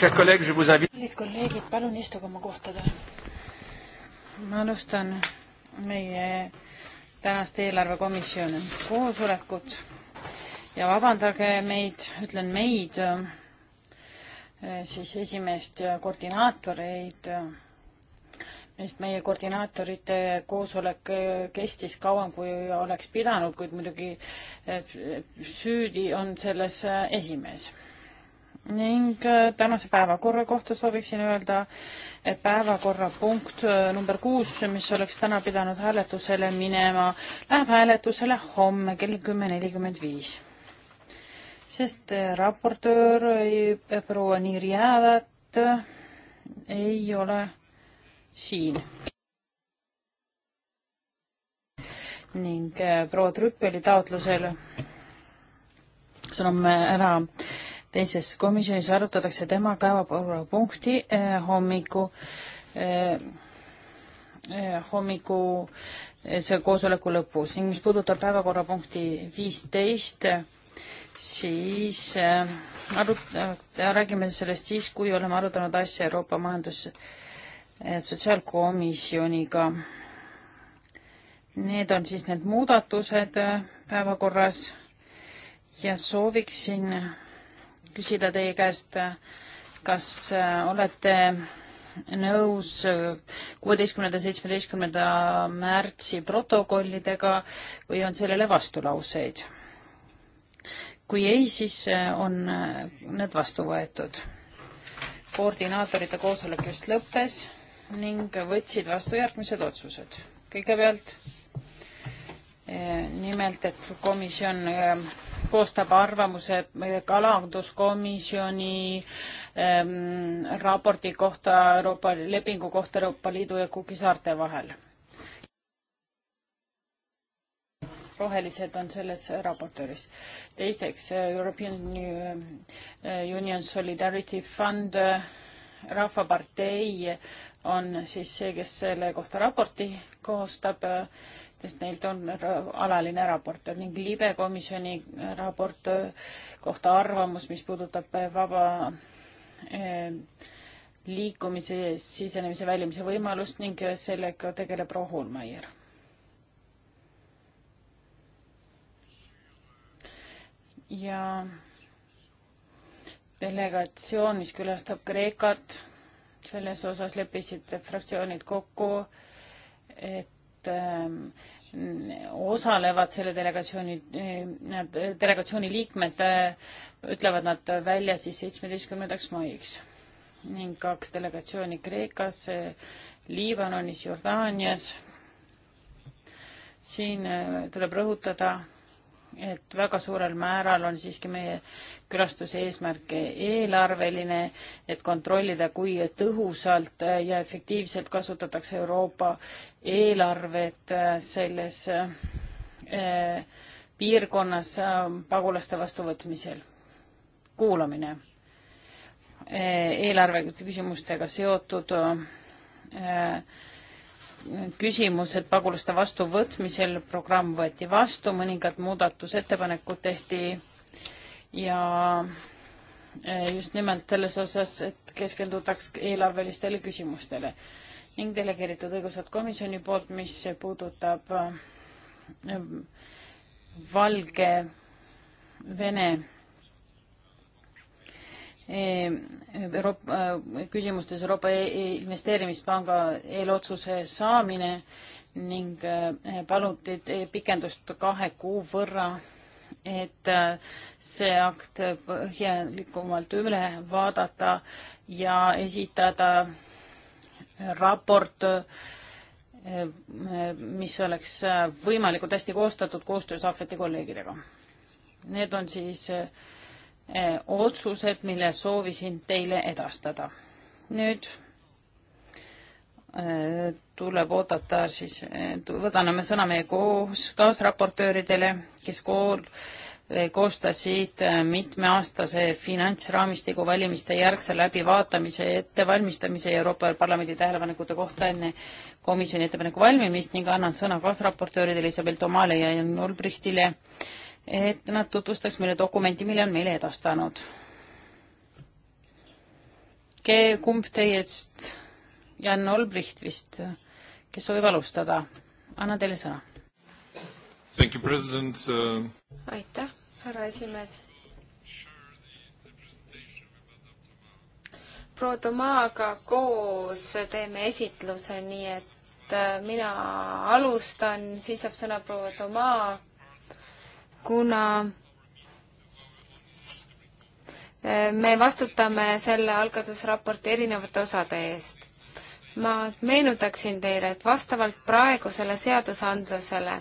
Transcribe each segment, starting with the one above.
kallid kolleegid, palun istuge oma kohtadele. ma alustan meie tänast eelarvekomisjoni koosolekut ja vabandage meid, ütlen meid, äh, siis esimeest ja koordinaatoreid, sest meie koordinaatorite koosolek äh, kestis kauem, kui oleks pidanud, kuid muidugi äh, süüdi on selles esimees ning äh, tänase päevakorra kohta sooviksin öelda, et päevakorrapunkt äh, number kuus, mis oleks täna pidanud hääletusele minema, läheb hääletusele homme kell kümme nelikümmend viis. sest äh, raportöör proua Niiri Häävet ei ole siin. ning proua Trüppeli taotlusel sõname ära äh, teises komisjonis arutatakse tema päevapäevapunkti eh, hommiku eh, eh hommiku eh, see koosoleku lõpus ning mis puudutab päevakorrapunkti viisteist, siis eh, arut- äh,, räägime sellest siis, kui oleme arutanud asja Euroopa Majandus- ja Sotsiaalkomisjoniga. Need on siis need muudatused päevakorras ja sooviksin küsida teie käest, kas äh, olete nõus äh, kuueteistkümnenda, seitsmeteistkümnenda märtsi protokollidega või on sellele vastulauseid? kui ei, siis äh, on need vastu võetud. koordinaatorite koosolek just lõppes ning võtsid vastu järgmised otsused. kõigepealt nimelt, et komisjon koostab arvamuse eh, kalanduskomisjoni ähm, raporti kohta Euroopa, lepingu kohta Euroopa Liidu ja Kuki saarte vahel. rohelised on selles raportööris. teiseks, eh, European eh, Union Solidarity Fund, Rahvapartei on siis see, kes selle kohta raporti koostab sest neilt on alaline raportöör ning libe komisjoni raport kohta arvamus, mis puudutab äh, vaba äh, liikumise, sisenemise, väljumise võimalust ning äh, sellega tegeleb proua Holmeier. ja delegatsioon, mis külastab Kreekat, selles osas leppisid fraktsioonid kokku, et nad ähm, osalevad selle delegatsiooni, nad, delegatsiooni liikmed äh, ütlevad nad välja siis seitsmeteistkümnendaks maiks ning kaks delegatsiooni Kreekas, äh, Liibanonis, Jordaanias. siin äh, tuleb rõhutada et väga suurel määral on siiski meie külastuse eesmärk eelarveline, et kontrollida, kui tõhusalt ja efektiivselt kasutatakse Euroopa eelarvet äh, selles äh, piirkonnas äh, pagulaste vastuvõtmisel. kuulamine, eelarve küsimustega seotud küsimused pagulaste vastuvõtmisel, programm võeti vastu, mõningad muudatusettepanekud tehti ja e, just nimelt selles osas, et keskendutaks eelarvelistele küsimustele ning delegeeritud õigused komisjoni poolt, mis puudutab e, Valgevene Euroopa, äh, küsimustes Euroopa e-, Investeerimispanga eelotsuse saamine ning äh, paluti äh, pikendust kahe kuu võrra, et see akt põhjalikumalt üle vaadata ja esitada raport, mis oleks võimalikult hästi koostatud koostöös ahveti kolleegidega. Need on siis äh, Eh, otsused, mille soovisin teile edastada. nüüd eh, tuleb oodata siis, eh, võtame sõna meie koos kaasraportööridele, kes kool koostasid mitmeaastase finantsraamistiku valimiste järgse läbivaatamise ja ettevalmistamise Euroopa Parlamendi tähelepanekute kohta enne komisjoni ettepaneku valmimist ning annan sõna kaasraportööridele Isabel Tomale ja Jan Olbrichtile äh, et nad tutvustaks meile dokumenti, mille on meile edastanud. kumb teiest, Jan Olbricht vist, kes soovib alustada? annan teile sõna. Uh, aitäh, härra esimees Prodomaaga koos teeme esitluse, nii et uh, mina alustan, siis saab sõna Prodomaa kuna eh, me vastutame selle algatusraporti erinevate osade eest. ma meenutaksin teile, et vastavalt praegusele seadusandlusele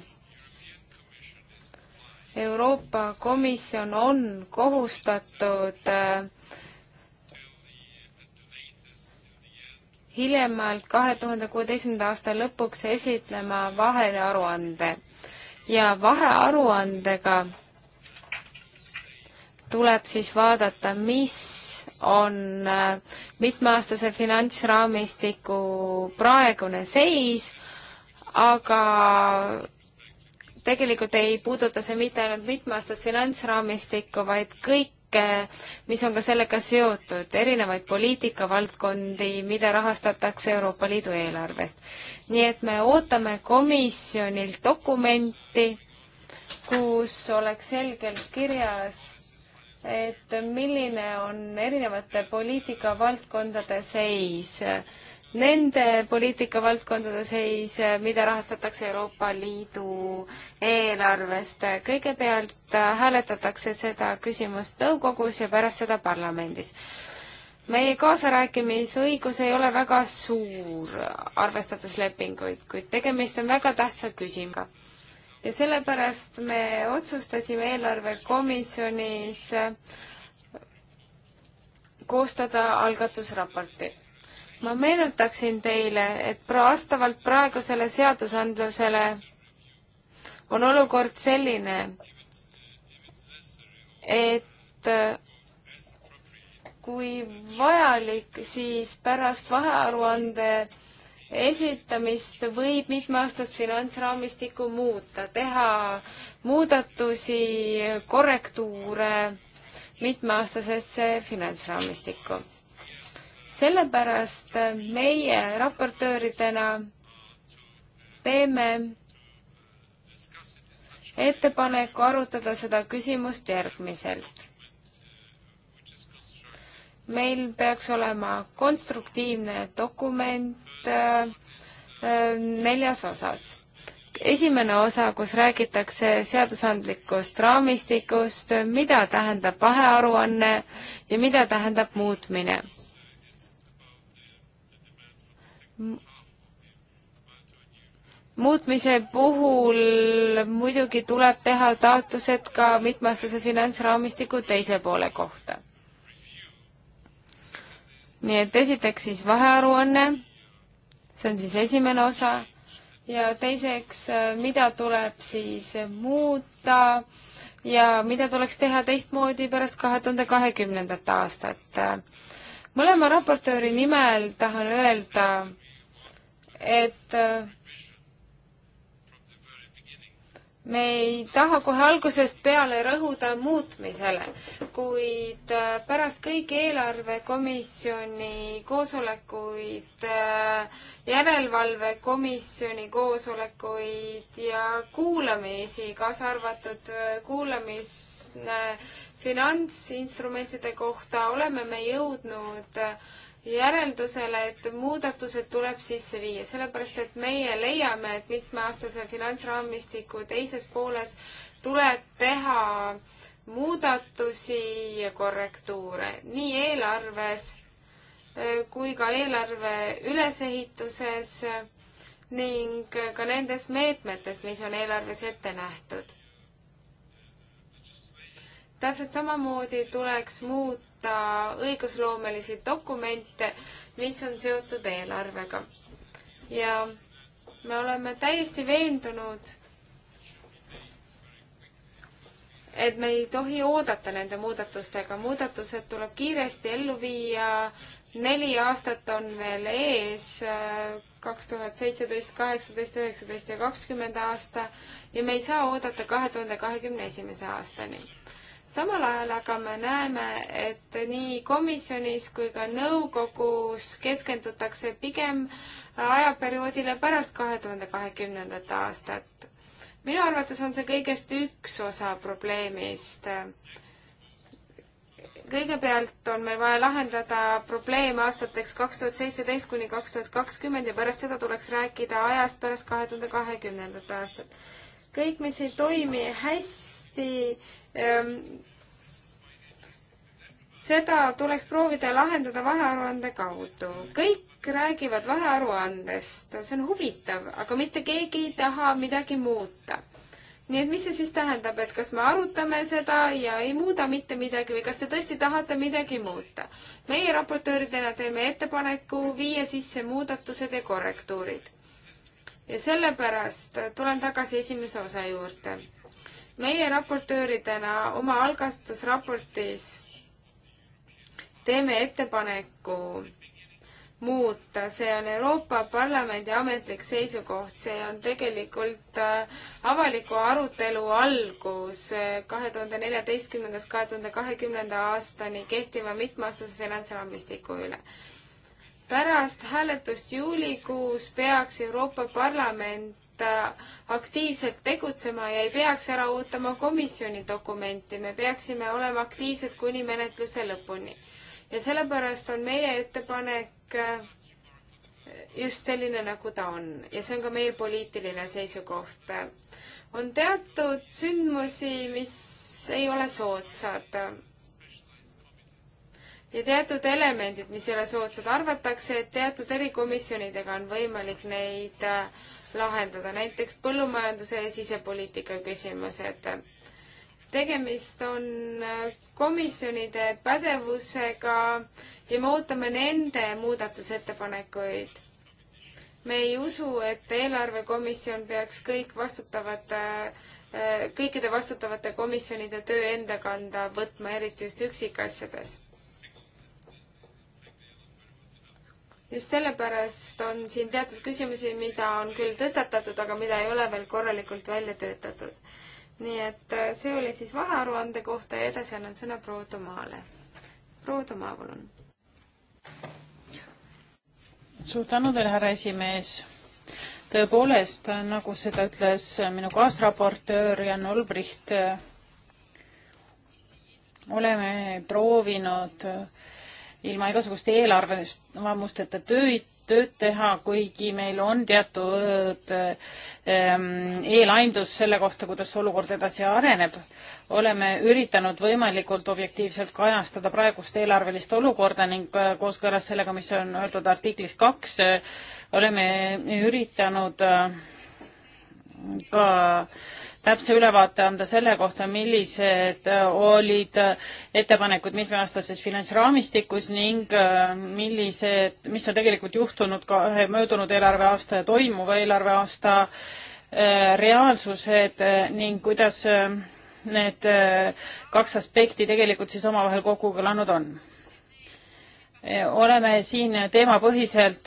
Euroopa Komisjon on kohustatud eh, hiljemalt kahe tuhande kuueteistkümnenda aasta lõpuks esitlema vahearuande ja vahearuandega tuleb siis vaadata, mis on äh, mitmeaastase finantsraamistiku praegune seis, aga tegelikult ei puuduta see mitte ainult mitmeaastast finantsraamistikku, vaid kõik kõike, mis on ka sellega seotud, erinevaid poliitikavaldkondi, mida rahastatakse Euroopa Liidu eelarvest. nii et me ootame komisjonilt dokumenti, kus oleks selgelt kirjas, et milline on erinevate poliitikavaldkondade seis nende poliitikavaldkondades seis, mida rahastatakse Euroopa Liidu eelarvest. kõigepealt äh, hääletatakse seda küsimust nõukogus ja pärast seda parlamendis. meie kaasarääkimisõigus ei ole väga suur, arvestades lepinguid, kuid tegemist on väga tähtsa küsimusega. ja sellepärast me otsustasime eelarvekomisjonis äh, koostada algatusraporti ma meenutaksin teile, et vastavalt praegusele seadusandlusele on olukord selline, et äh, kui vajalik, siis pärast vahearuande esitamist võib mitmeaastast finantsraamistikku muuta, teha muudatusi, korrektuure mitmeaastasesse finantsraamistikku sellepärast meie raportööridena teeme ettepaneku arutada seda küsimust järgmiselt. meil peaks olema konstruktiivne dokument äh, äh, neljas osas. esimene osa, kus räägitakse seadusandlikust raamistikust, mida tähendab vahearuanne ja mida tähendab muutmine muutmise puhul muidugi tuleb teha taotlused ka mitmeaastase finantsraamistiku teise poole kohta. nii et esiteks siis vahearuanne, see on siis esimene osa, ja teiseks, mida tuleb siis muuta ja mida tuleks teha teistmoodi pärast kahe tuhande kahekümnendat aastat. mõlema raportööri nimel tahan öelda, et äh, me ei taha kohe algusest peale rõhuda muutmisele, kuid äh, pärast kõigi eelarvekomisjoni koosolekuid, äh, järelevalvekomisjoni koosolekuid ja kuulamisi, kaasa arvatud kuulamist finantsinstrumentide kohta, oleme me jõudnud äh, järeldusele, et muudatused tuleb sisse viia, sellepärast et meie leiame, et mitmeaastase finantsraamistiku teises pooles tuleb teha muudatusi ja korrektuure nii eelarves e, kui ka eelarve ülesehituses ning ka nendes meetmetes, mis on eelarves ette nähtud. täpselt samamoodi tuleks muuta vaadata õigusloomelisi dokumente, mis on seotud eelarvega. ja me oleme täiesti veendunud, et me ei tohi oodata nende muudatustega, muudatused tuleb kiiresti ellu viia, neli aastat on veel ees, kaks tuhat seitseteist, kaheksateist, üheksateist ja kakskümmend aasta ja me ei saa oodata kahe tuhande kahekümne esimese aastani samal ajal aga me näeme, et nii komisjonis kui ka nõukogus keskendutakse pigem ajaperioodile pärast kahe tuhande kahekümnendat aastat. minu arvates on see kõigest üks osa probleemist. kõigepealt on meil vaja lahendada probleem aastateks kaks tuhat seitseteist kuni kaks tuhat kakskümmend ja pärast seda tuleks rääkida ajast pärast kahe tuhande kahekümnendat aastat. kõik, mis ei toimi hästi, hästi, Ehm, seda tuleks proovida lahendada vahearuande kaudu. kõik räägivad vahearuandest, see on huvitav, aga mitte keegi ei taha midagi muuta nii et mis see siis tähendab, et kas me arutame seda ja ei muuda mitte midagi või kas te tõesti tahate midagi muuta? meie raportööridena teeme ettepaneku viia sisse muudatused ja korrektuurid. ja sellepärast tulen tagasi esimese osa juurde meie raportööridena oma algastusraportis teeme ettepaneku muuta, see on Euroopa Parlamendi ametlik seisukoht, see on tegelikult äh, avaliku arutelu algus äh, kahe tuhande neljateistkümnendast kahe tuhande kahekümnenda aastani kehtiva mitmeaastase finantsraamistiku üle. pärast hääletust juulikuus peaks Euroopa Parlament Äh, aktiivselt tegutsema ja ei peaks ära ootama komisjoni dokumenti, me peaksime olema aktiivsed kuni menetluse lõpuni. ja sellepärast on meie ettepanek äh, just selline, nagu ta on ja see on ka meie poliitiline seisukoht. on teatud sündmusi, mis ei ole soodsad ja teatud elemendid, mis ei ole soodsad, arvatakse, et teatud erikomisjonidega on võimalik neid äh, lahendada, näiteks põllumajanduse ja sisepoliitika küsimused. tegemist on äh, komisjonide pädevusega ja me ootame nende muudatusettepanekuid. me ei usu, et eelarvekomisjon peaks kõik vastutavad äh, äh, kõikide vastutavate komisjonide töö enda kanda võtma, eriti just üksikasjades just sellepärast on siin teatud küsimusi, mida on küll tõstatatud, aga mida ei ole veel korralikult välja töötatud. nii et äh, see oli siis vahearuande kohta ja edasi annan sõna proua Tomaale. proua Tomaa, palun. suur tänu teile, härra esimees. tõepoolest, nagu seda ütles minu kaasraportöör Jan Olbricht, äh, oleme proovinud äh, ilma igasuguste eelarvamusteta tööd, tööd teha, kuigi meil on teatud ähm, eelaimdus selle kohta, kuidas olukord edasi areneb. oleme üritanud võimalikult objektiivselt kajastada praegust eelarvelist olukorda ning äh, kooskõlas sellega, mis on öeldud artiklis kaks, äh, oleme üritanud äh, ka täpse ülevaate anda selle kohta, millised äh, olid äh, ettepanekud mitmeaastases finantsraamistikus ning äh, millised, mis on tegelikult juhtunud ka ühe möödunud eelarveaasta ja toimuva eelarveaasta reaalsused ning kuidas need kaks aspekti tegelikult siis omavahel kokku kõlanud on oleme siin teemapõhiselt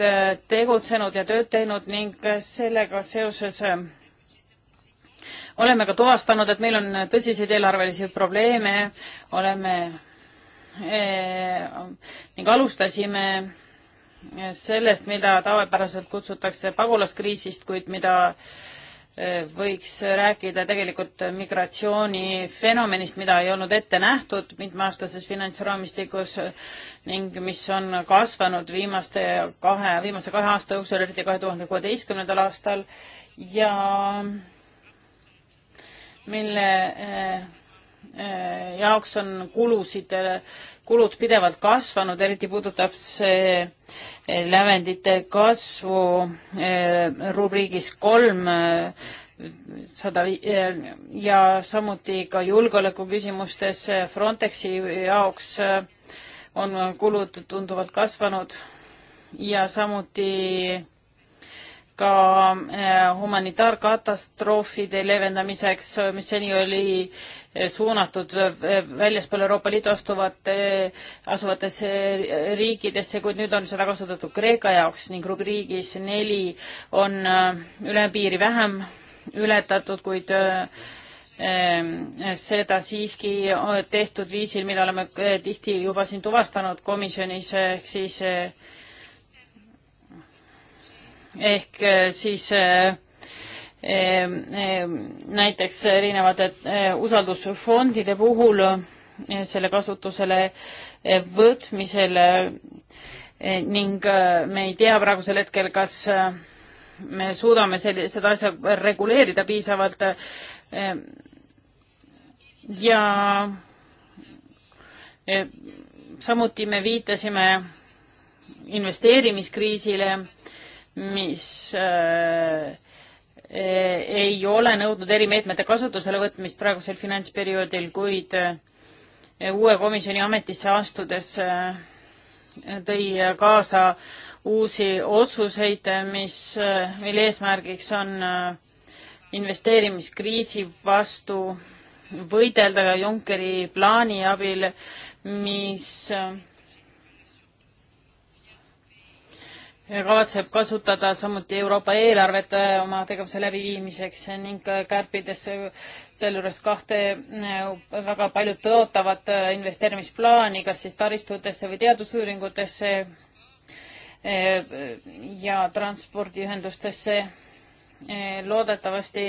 tegutsenud ja tööd teinud ning sellega seoses oleme ka tuvastanud, et meil on tõsiseid eelarvelisi probleeme, oleme e, ning alustasime sellest, mida tavapäraselt kutsutakse pagulaskriisist, kuid mida e, võiks rääkida tegelikult migratsioonifenomenist, mida ei olnud ette nähtud mitmeaastases finantsraamistikus ning mis on kasvanud viimaste kahe, viimase kahe aasta jooksul, eriti kahe tuhande kuueteistkümnendal aastal ja mille eh, eh, jaoks on kulusid, kulud pidevalt kasvanud, eriti puudutab see eh, lävendite kasvu rubriigis kolm sada ja samuti ka julgeoleku küsimustes Frontexi jaoks on kulud tunduvalt kasvanud ja samuti ka äh, humanitaarkatastroofide leevendamiseks, mis seni oli äh, suunatud äh, väljaspool Euroopa Liidu astuvate, asuvatesse riikidesse, kuid nüüd on seda kasutatud Kreeka jaoks ning rubriigis neli on üle piiri vähem ületatud, kuid seda siiski tehtud viisil, mida oleme tihti juba siin tuvastanud komisjonis, ehk siis eh, ehk eh, siis eh, eh, näiteks erinevate usaldusfondide puhul selle kasutusele võtmisel ning me ei tea praegusel hetkel, kas me suudame selle, seda asja reguleerida piisavalt ja samuti me viitasime investeerimiskriisile mis äh, e, ei ole nõudnud erimeetmete kasutusele võtmist praegusel finantsperioodil, kuid äh, uue komisjoni ametisse astudes äh, tõi kaasa uusi otsuseid, mis, mille eesmärgiks on investeerimiskriisi vastu võidelda Junckeri plaani abil, mis kavatseb kasutada samuti Euroopa eelarvet äh, oma tegevuse läbiviimiseks ning äh, kärpides äh, sealjuures kahte väga paljud tõotavat investeerimisplaani, kas siis taristutesse või teadusuuringutesse ja transpordiühendustesse. loodetavasti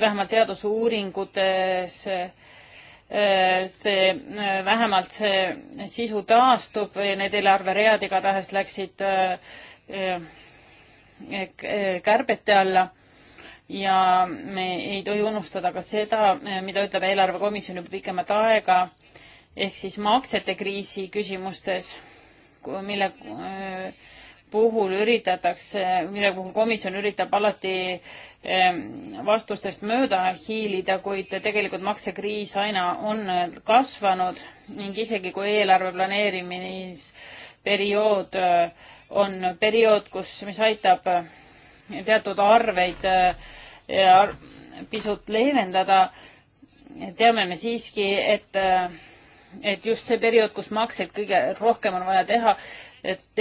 vähemalt teadusuuringutes Äh, see, äh, vähemalt see sisu taastub, need eelarveread igatahes läksid äh, kärbete alla ja me ei tohi unustada ka seda, mida ütleb eelarvekomisjon juba pikemat aega, ehk siis maksete kriisi küsimustes, mille puhul üritatakse, mille puhul komisjon üritab alati Ehm, vastustest mööda hiilida, kuid tegelikult maksekriis aina on kasvanud ning isegi kui eelarve planeerimisperiood eh, on periood, kus, mis aitab teatud arveid eh, ar pisut leevendada, teame me siiski, et, eh, et just see periood, kus makseid kõige rohkem on vaja teha,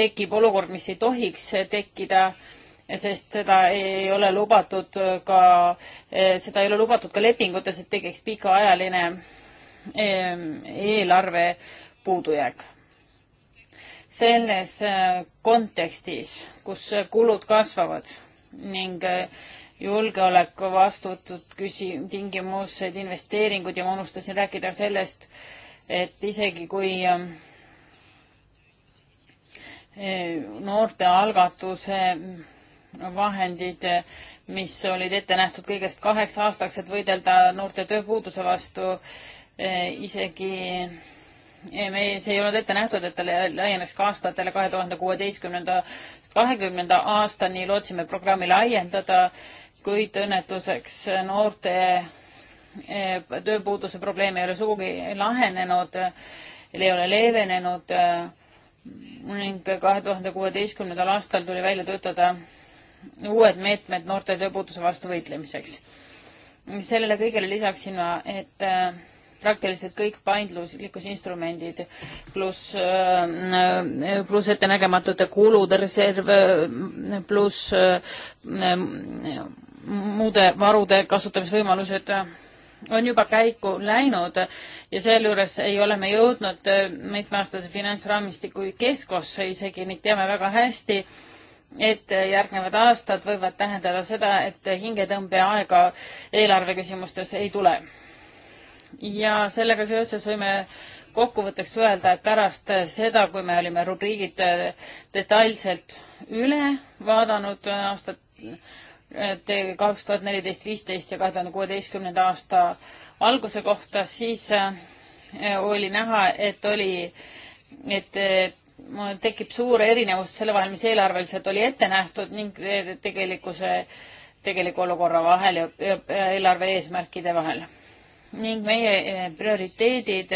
tekib olukord, mis ei tohiks tekkida sest seda ei ole lubatud ka, seda ei ole lubatud ka lepingutes, et tekiks pikaajaline ehm, eelarve puudujääk. selles äh, kontekstis, kus kulud kasvavad ning äh, julgeolek, vastutud küsi-, tingimused, investeeringud ja ma unustasin rääkida sellest, et isegi kui ähm, äh, noorte algatuse vahendid, mis olid ette nähtud kõigest kaheks aastaks, et võidelda noorte tööpuuduse vastu. Eh, isegi eh, meie, see ei olnud ette nähtud, et ta laieneks ka aastatele kahe tuhande kuueteistkümnendast kahekümnenda aastani, lootsime programmi laiendada, kuid õnnetuseks noorte eh, tööpuuduse probleem ei ole sugugi lahenenud, ei ole leevenenud ning kahe tuhande kuueteistkümnendal aastal tuli välja töötada uued meetmed noorte tööpuuduse vastu võitlemiseks. sellele kõigele lisaksin ma, et äh, praktiliselt kõik paindlikkusinstrumendid pluss, äh, pluss ettenägematute kulude reserv, äh, pluss muude varude kasutamisvõimalused on juba käiku läinud ja sealjuures ei ole me jõudnud mitmeaastase finantsraamistiku keskosse isegi ning teame väga hästi, et järgnevad aastad võivad tähendada seda, et hingetõmbeaega eelarve küsimustes ei tule. ja sellega seoses võime kokkuvõtteks öelda, et pärast seda, kui me olime rubriigid detailselt üle vaadanud aastat kaks tuhat neliteist, viisteist ja kahe tuhande kuueteistkümnenda aasta alguse kohta, siis oli näha, et oli, et tekib suur erinevus selle vahel, mis eelarveliselt oli ette nähtud ning tegelikkuse, tegeliku olukorra vahel ja eelarve eesmärkide vahel. ning meie eh, prioriteedid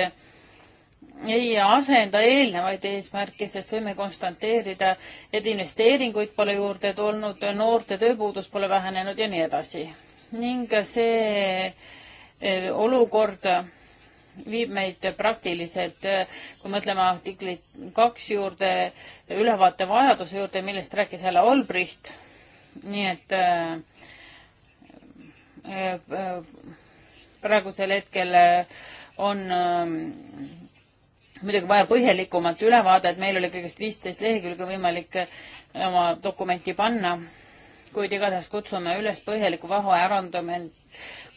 ei asenda eelnevaid eesmärke, sest võime konstateerida, et investeeringuid pole juurde tulnud, noorte tööpuudus pole vähenenud ja nii edasi. ning see eh, olukord viib meid praktiliselt, kui mõtleme artikli kaks juurde, ülevaate vajaduse juurde, millest rääkis jälle Olbricht, nii et äh, äh, praegusel hetkel äh, on muidugi vaja põhjalikumat ülevaadet, meil oli kõigest viisteist lehekülge võimalik oma dokumenti panna, kuid igatahes kutsume üles põhjaliku vaheaja arendamist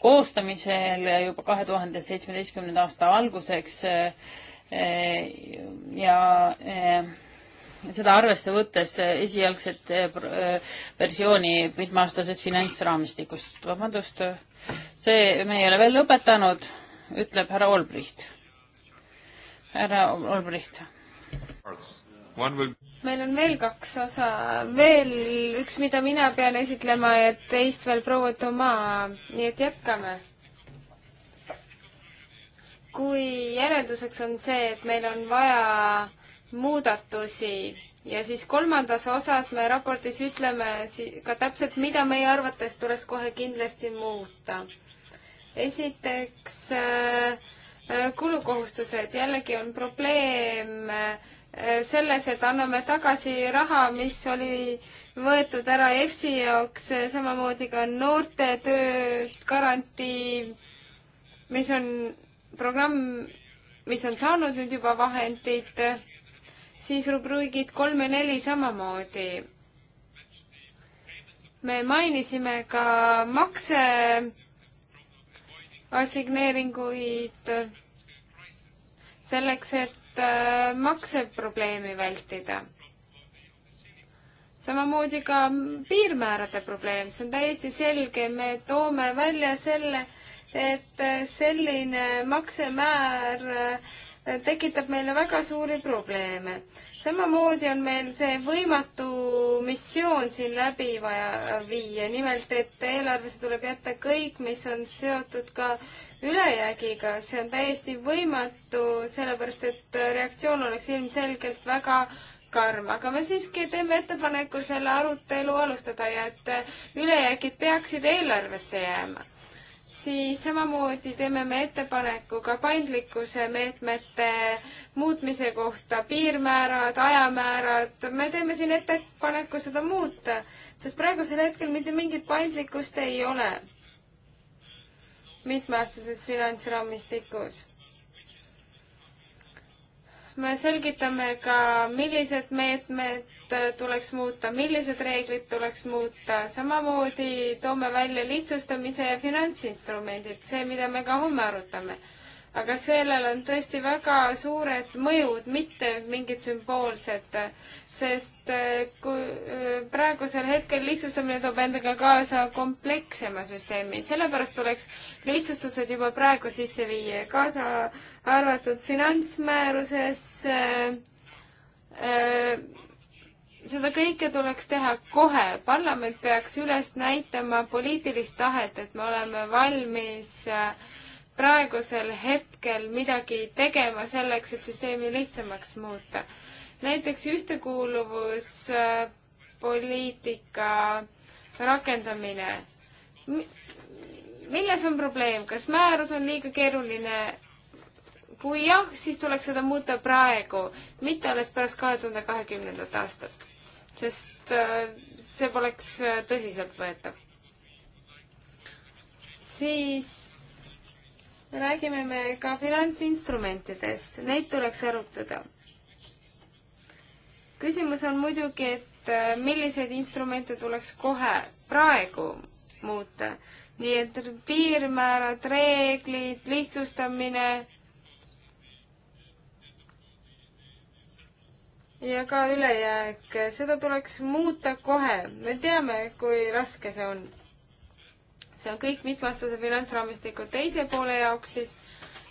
koostamisel juba kahe tuhande seitsmeteistkümnenda aasta alguseks eh, ja eh, seda arvesse võttes esialgset eh, versiooni mitmeaastasest finantsraamistikust. vabandust, see, me ei ole veel lõpetanud, ütleb härra Olbricht. härra Olbricht. Will meil on veel kaks osa, veel üks, mida mina pean esitlema ja teist veel proua Tomaa, nii et jätkame. kui järelduseks on see, et meil on vaja muudatusi ja siis kolmandas osas me raportis ütleme ka täpselt, mida meie arvates tuleks kohe kindlasti muuta. esiteks äh, äh, kulukohustused, jällegi on probleem äh, selles, et anname tagasi raha, mis oli võetud ära EFSi jaoks, samamoodi ka noorte töögarantii, mis on programm, mis on saanud nüüd juba vahendid, siis rubriigid kolm ja neli samamoodi me mainisime ka makse assigneeringuid selleks, et et äh, makseprobleemi vältida. samamoodi ka piirmäärade probleem, see on täiesti selge, me toome välja selle, et äh, selline maksemäär äh, tekitab meile väga suuri probleeme. samamoodi on meil see võimatu missioon siin läbi vaja viia, nimelt et eelarvesse tuleb jätta kõik, mis on seotud ka ülejäägiga, see on täiesti võimatu, sellepärast et reaktsioon oleks ilmselgelt väga karm, aga me siiski teeme ettepaneku selle arutelu alustada ja et ülejäägid peaksid eelarvesse jääma siis samamoodi teeme me ettepaneku ka paindlikkuse meetmete muutmise kohta, piirmäärad, ajamäärad, me teeme siin ettepaneku seda muuta, sest praegusel hetkel mitte mingit paindlikkust ei ole mitmeaastases finantsraamistikus. me selgitame ka, millised meetmed Äh, tuleks muuta, millised reeglid tuleks muuta, samamoodi toome välja lihtsustamise ja finantsinstrumendid, see, mida me ka homme arutame. aga sellel on tõesti väga suured mõjud, mitte mingid sümboolsed, sest äh, kui äh, praegusel hetkel lihtsustamine toob endaga kaasa komplekssema süsteemi, sellepärast tuleks lihtsustused juba praegu sisse viia, kaasa arvatud finantsmääruses äh, äh, seda kõike tuleks teha kohe, parlament peaks üles näitama poliitilist tahet, et me oleme valmis äh, praegusel hetkel midagi tegema selleks, et süsteemi lihtsamaks muuta. näiteks ühtekuuluvuspoliitika äh, rakendamine. milles on probleem, kas määrus on liiga keeruline kui jah, siis tuleks seda muuta praegu, mitte alles pärast kahe tuhande kahekümnendat aastat sest äh, see poleks äh, tõsiseltvõetav. siis räägime me ka finantsinstrumentidest, neid tuleks arutada. küsimus on muidugi, et äh, milliseid instrumente tuleks kohe praegu muuta, nii et piirmäärad, reeglid, lihtsustamine ja ka ülejääk, seda tuleks muuta kohe. me teame, kui raske see on. see on kõik mitmeaastase finantsraamistiku teise poole jaoks siis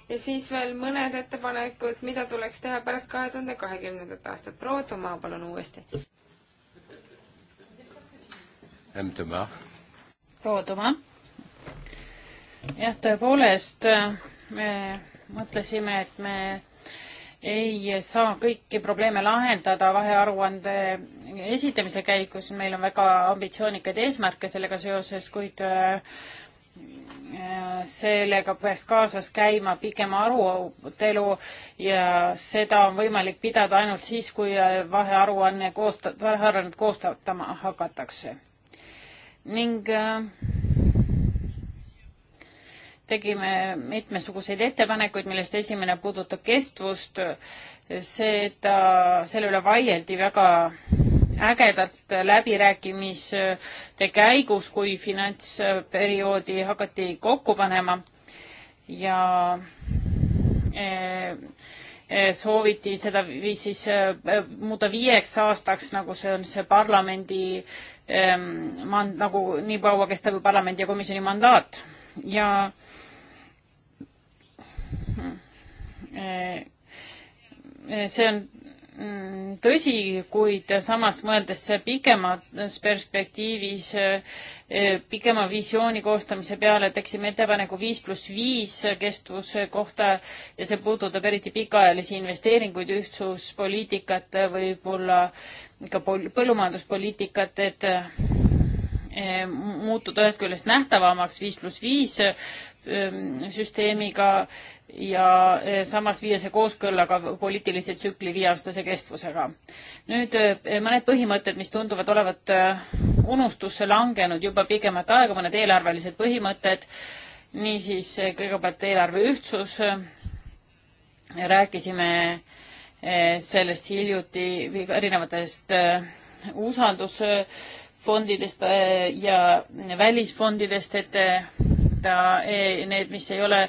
ja siis veel mõned ettepanekud, mida tuleks teha pärast kahe tuhande kahekümnendat aastat. proua Toma, palun uuesti. proua Toma. jah, tõepoolest me mõtlesime, et me ei saa kõiki probleeme lahendada vahearuande esitamise käigus, meil on väga ambitsioonikaid eesmärke sellega seoses, kuid äh, sellega peaks kaasas käima pikem arutelu ja seda on võimalik pidada ainult siis, kui äh, vahearuanne koosta-, vahearuannet koostama hakatakse. ning äh, tegime mitmesuguseid ettepanekuid, millest esimene puudutab kestvust, seda, selle üle vaieldi väga ägedalt läbirääkimiste käigus, kui finantsperioodi hakati kokku panema ja eh, eh, sooviti seda viis siis eh, muuta viieks aastaks, nagu see on see parlamendi man-, nagu nii kaua kestab ju parlamendi ja komisjoni mandaat ja eh, see on mm, tõsi, kuid samas mõeldes pikemas perspektiivis, eh, pikema visiooni koostamise peale teeksime ettepaneku viis pluss viis kestvuse kohta ja see puudutab eriti pikaajalisi investeeringuid, ühtsuspoliitikat, võib-olla ka põllumajanduspoliitikat, et Eh, muutuda ühest küljest nähtavamaks viis pluss viis eh, süsteemiga ja eh, samas viia see kooskõlla ka poliitilise tsükli viieaastase kestvusega. nüüd mõned põhimõtted, mis tunduvad olevat unustusse langenud juba pikemat aega, mõned eelarvelised põhimõtted, niisiis kõigepealt eelarve ühtsus, rääkisime sellest hiljuti erinevatest usaldus fondidest äh, ja välisfondidest, et äh, ta, äh, need, mis ei ole,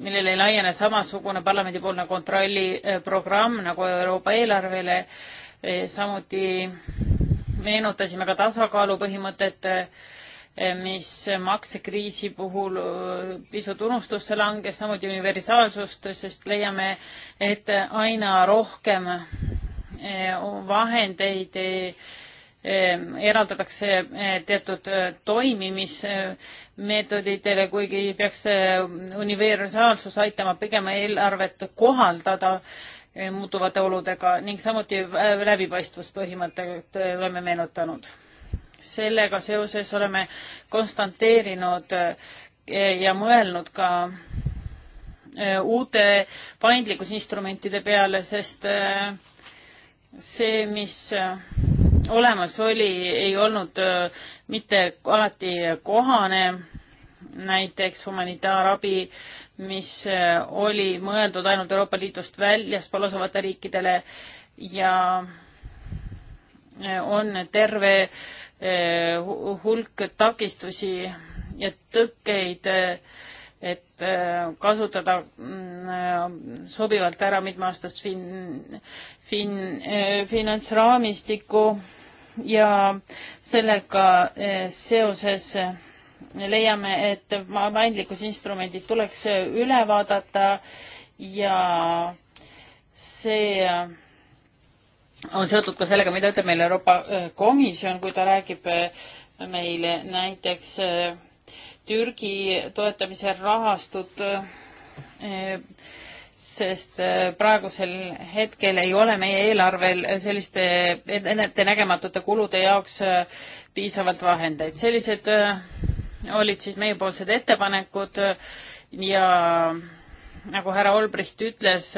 millele ei laiene samasugune parlamendipoolne kontrolliprogramm nagu Euroopa eelarvele, samuti meenutasime ka tasakaalu põhimõtet, mis maksekriisi puhul pisut unustusse langes, samuti universaalsust, sest leiame, et aina rohkem vahendeid Ehm, eraldatakse eh, teatud eh, toimimismeetoditele, kuigi peaks eh, universaalsus aitama pigem eelarvet kohaldada muutuvate oludega ning samuti läbipaistvuspõhimõtted oleme meenutanud. sellega seoses oleme konstanteerinud ja mõelnud ka uute paindlikkusinstrumentide peale, sest see, mis olemas oli, ei olnud äh, mitte alati kohane, näiteks humanitaarabi, mis äh, oli mõeldud ainult Euroopa Liidust väljaspool osavate riikidele ja äh, on terve hulk takistusi ja tõkkeid, et kasutada mm, sobivalt ära mitmeaastast fin-, fin-, finantsraamistikku ja sellega eh, seoses eh, leiame, et paindlikkusinstrumendid tuleks eh, üle vaadata ja see on seotud ka sellega, mida ütleb meil Euroopa Komisjon, kui ta räägib meile näiteks Türgi toetamise rahastut sest äh, praegusel hetkel ei ole meie eelarvel selliste ettenägematute kulude jaoks äh, piisavalt vahendeid. sellised äh, olid siis meiepoolsed ettepanekud ja nagu härra Olbricht ütles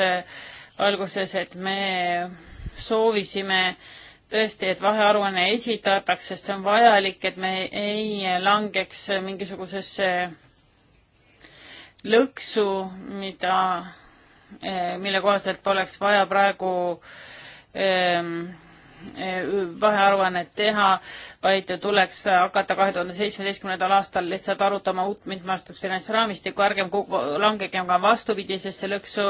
alguses, et me soovisime tõesti, et vahearuanne esitataks, sest see on vajalik, et me ei langeks mingisugusesse lõksu, mida Eh, mille kohaselt oleks vaja praegu ehm, eh, vahearuannet teha, vaid tuleks hakata kahe tuhande seitsmeteistkümnendal aastal lihtsalt arutama uut mitmeaastast finantsraamistikku, ärgem langegem ka vastupidisesse lõksu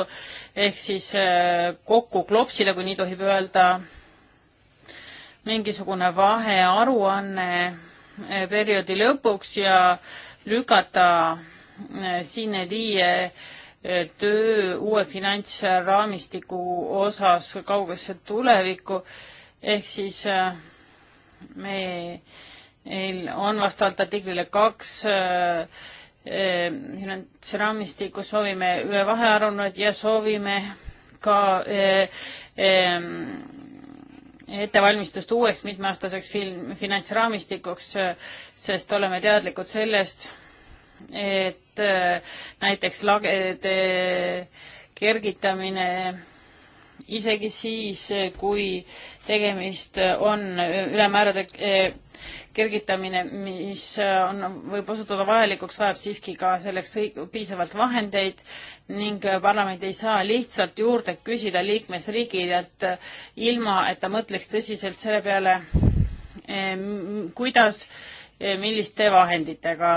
ehk siis eh, kokku klopsile, kui nii tohib öelda, mingisugune vahearuanne perioodi lõpuks ja lükata siin need viie töö uue finantsraamistiku osas kaugesse tulevikku, ehk siis äh, me, meil on vastavalt artiklile kaks äh, äh, finantsraamistikus soovime ühe vahearunud ja soovime ka ettevalmistust uueks mitmeaastaseks film, finantsraamistikuks, sest oleme teadlikud sellest, et et äh, näiteks lagede kergitamine isegi siis, kui tegemist on ülemäärade äh, kergitamine, mis äh, on, võib osutuda vajalikuks, vajab siiski ka selleks piisavalt vahendeid ning parlament ei saa lihtsalt juurde küsida liikmesriigidelt, ilma et ta mõtleks tõsiselt selle peale, kuidas, milliste vahenditega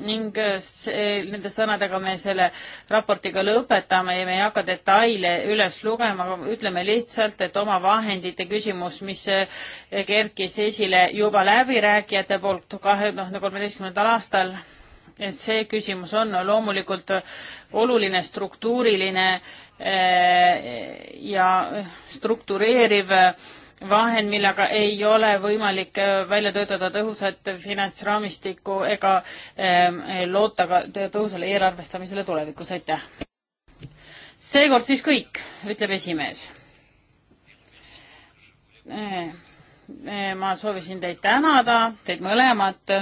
ning äh, see, nende sõnadega me selle raportiga lõpetame ja me ei hakka detaile üles lugema, ütleme lihtsalt, et oma vahendite küsimus, mis äh, kerkis esile juba läbirääkijate poolt kahe tuhande noh, nagu kolmeteistkümnendal aastal, see küsimus on loomulikult oluline struktuuriline äh, ja struktureeriv vahend, millega ei ole võimalik äh, välja töötada tõhusat finantsraamistikku ega ähm, loota ka tõhusale eelarvestamisele tulevikus, aitäh. seekord siis kõik, ütleb esimees. Äh, äh, ma soovisin teid tänada, teid mõlemat,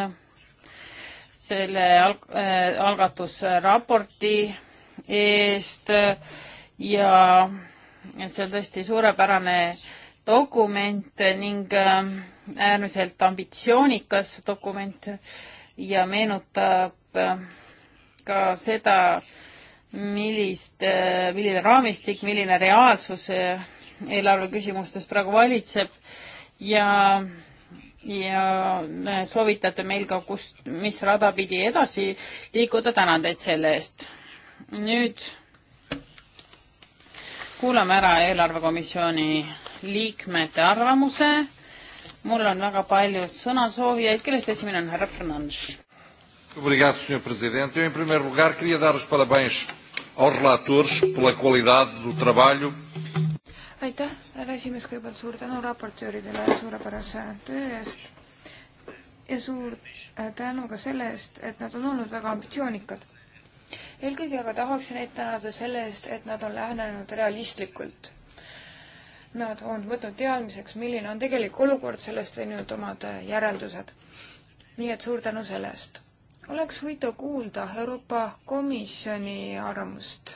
selle alg-, algatusraporti eest ja et see on tõesti suurepärane äh, dokument ning ähm, äärmiselt ambitsioonikas dokument ja meenutab ähm, ka seda, millist, äh, milline raamistik, milline reaalsus äh, eelarve küsimustes praegu valitseb ja, ja äh, soovitate meil ka, kust, mis rada pidi edasi liikuda, tänan teid selle eest. nüüd kuulame ära eelarvekomisjoni liikmete arvamuse. mul on väga palju sõnasoovijaid, kellest esimene on härra Fernandes. Obrigado, senhor presidente. Eu, em primeiro lugar, queria dar os parabéns aos relatores pela qualidade do trabalho. aitäh, härra esimees, kõigepealt suur tänu raportööridele suurepärase töö eest ja suur äh, tänu ka selle eest, et nad on olnud väga ambitsioonikad eelkõige aga tahaksin neid tänada selle eest, et nad on lähenenud realistlikult Nad on võtnud teadmiseks, milline on tegelik olukord, sellest teinud omad äh, järeldused. nii et suur tänu selle eest. oleks huvitav kuulda Euroopa Komisjoni arvamust.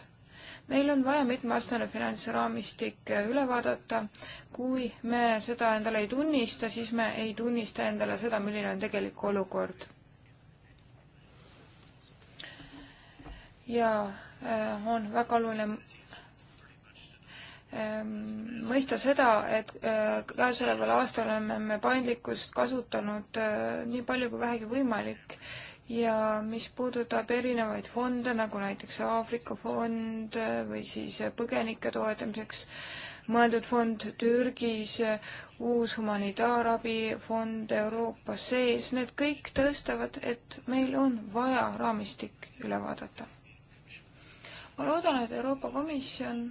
meil on vaja mitmeaastane finantsraamistik äh, üle vaadata. kui me seda endale ei tunnista, siis me ei tunnista endale seda, milline on tegelik olukord ja äh, on väga oluline Ähm, mõista seda, et äh, käesoleval aastal oleme me paindlikkust kasutanud äh, nii palju kui vähegi võimalik ja mis puudutab erinevaid fonde, nagu näiteks Aafrika fond äh, või siis põgenike toetamiseks mõeldud fond Türgis, uus humanitaarabifond Euroopa sees, need kõik tõestavad, et meil on vaja raamistik üle vaadata. ma loodan, et Euroopa Komisjon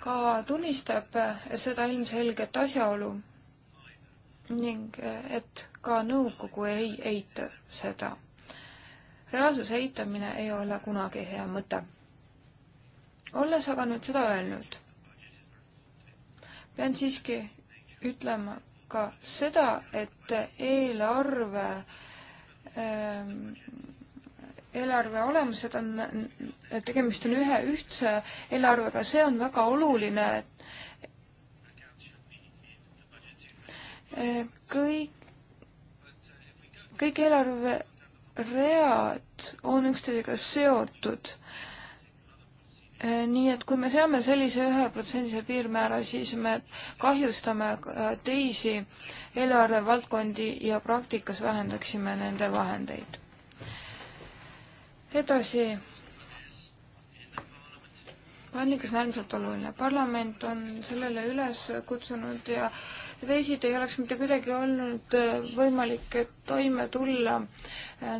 ka tunnistab seda ilmselget asjaolu ning et ka nõukogu ei eita seda. reaalsuse eitamine ei ole kunagi hea mõte. olles aga nüüd seda öelnud, pean siiski ütlema ka seda, et eelarve ähm, eelarve olemused on, et tegemist on ühe ühtse eelarvega, see on väga oluline. kõik, kõik eelarveread on üksteisega seotud. nii et kui me seame sellise üheprotsendise piirmäära, siis me kahjustame teisi eelarvevaldkondi ja praktikas vähendaksime nende vahendeid edasi. paindlikkus on äärmiselt oluline. parlament on sellele üles kutsunud ja teised ei oleks mitte kuidagi olnud võimalik toime tulla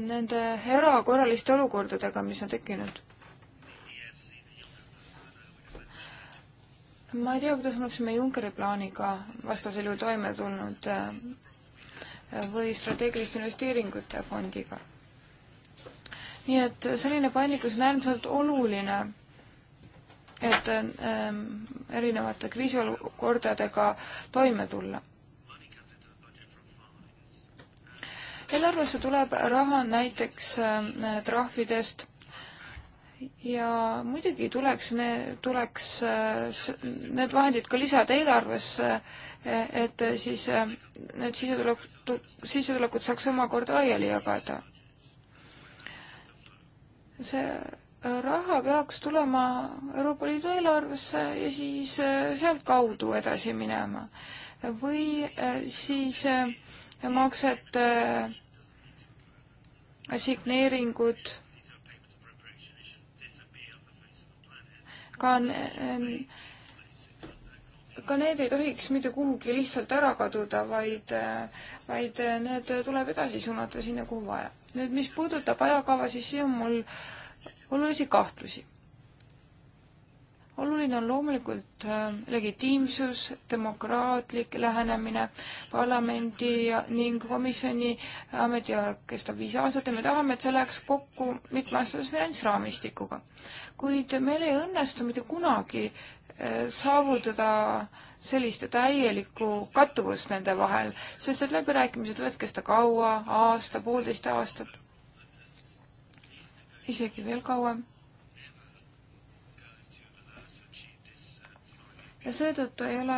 nende erakorraliste olukordadega, mis on tekkinud. ma ei tea, kuidas me oleksime Junckeri plaaniga vastasel juhul toime tulnud või strateegiliste investeeringute fondiga nii et selline paindlikkus on äärmiselt oluline, et ähm, erinevate kriisiolukordadega toime tulla. eelarvesse tuleb raha näiteks äh, trahvidest ja muidugi tuleks, tuleks äh, need vahendid ka lisada eelarvesse, et siis äh, need sissetulekud, sissetulekud saaks omakorda laiali jagada see äh, raha peaks tulema Euroopa Liidu eelarvesse ja siis äh, sealtkaudu edasi minema või äh, siis maksed, signeeringud, ka ka need ei tohiks mitte kuhugi lihtsalt ära kaduda, vaid, vaid need tuleb edasi suunata sinna, kuhu vaja nüüd, mis puudutab ajakava, siis siin on mul olulisi kahtlusi. oluline on loomulikult äh, legitiimsus, demokraatlik lähenemine, parlamendi ning komisjoni ametiaeg kestab viis aastat ja me tahame, et see läheks kokku mitmeaastase finantsraamistikuga. kuid meil ei õnnestu mitte kunagi äh, saavutada äh, sellist täielikku kattuvust nende vahel, sest et läbirääkimised võivad kesta kaua, aasta, poolteist aastat, isegi veel kauem. ja seetõttu ei ole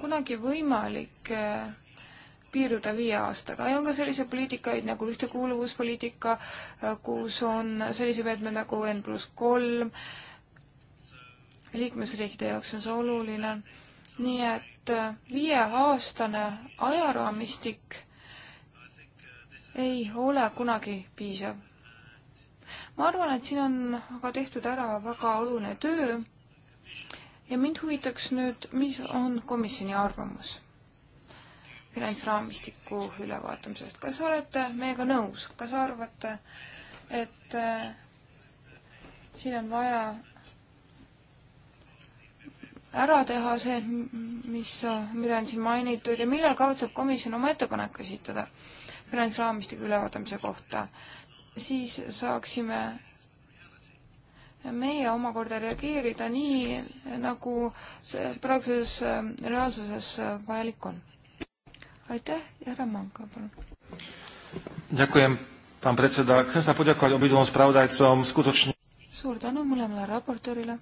kunagi võimalik eh, piirduda viie aastaga ja on ka selliseid poliitikaid nagu ühtekuuluvuspoliitika, eh, kus on sellised meetmed nagu N pluss kolm, liikmesriikide jaoks on see oluline nii et äh, viieaastane ajaraamistik ei ole kunagi piisav. ma arvan, et siin on aga tehtud ära väga oluline töö ja mind huvitaks nüüd, mis on komisjoni arvamus finantsraamistiku ülevaatamisest. kas olete meiega nõus, kas arvate, et äh, siin on vaja ära teha see, mis, mida on siin mainitud ja millal kavatseb komisjon oma ettepaneku esitada finantsraamistiku ülevaatamise kohta, siis saaksime meie omakorda reageerida nii, nagu see praeguses äh, reaalsuses äh, vajalik on. aitäh, härra Manka, palun. suur tänu mõlemale raportöörile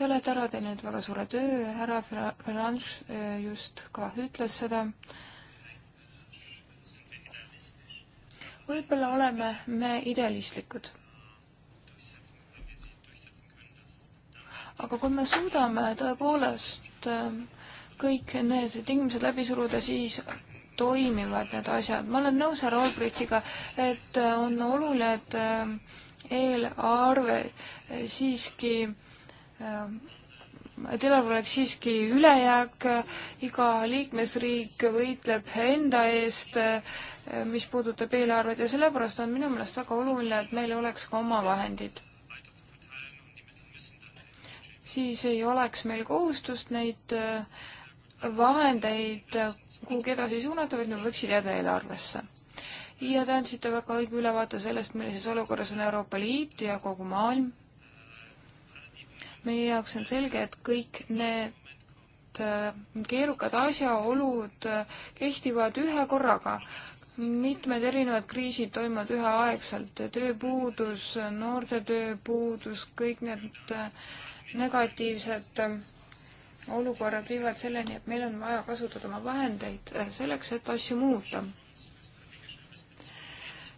Te olete ära teinud väga suure töö, härra Ferrange eh, just ka ütles seda. võib-olla oleme me idealistlikud aga kui me suudame tõepoolest eh, kõik need tingimused läbi suruda, siis toimivad need asjad. ma olen nõus härra Albrechtiga, et on oluline, et eh, eelarve siiski Ehm, et eelarve oleks siiski ülejääk, iga liikmesriik võitleb enda eest, eh, mis puudutab eelarvet ja sellepärast on minu meelest väga oluline, et meil oleks ka omavahendid. siis ei oleks meil kohustust neid eh, vahendeid kuhugi edasi suunata, vaid nad võiksid jääda eelarvesse. ja te andsite väga õige ülevaate sellest, millises olukorras on Euroopa Liit ja kogu maailm meie jaoks on selge, et kõik need äh, keerukad asjaolud äh, kehtivad ühe korraga. mitmed erinevad kriisid toimuvad üheaegselt, tööpuudus, noorte tööpuudus, kõik need äh, negatiivsed olukorrad viivad selleni, et meil on vaja kasutada oma vahendeid selleks, et asju muuta.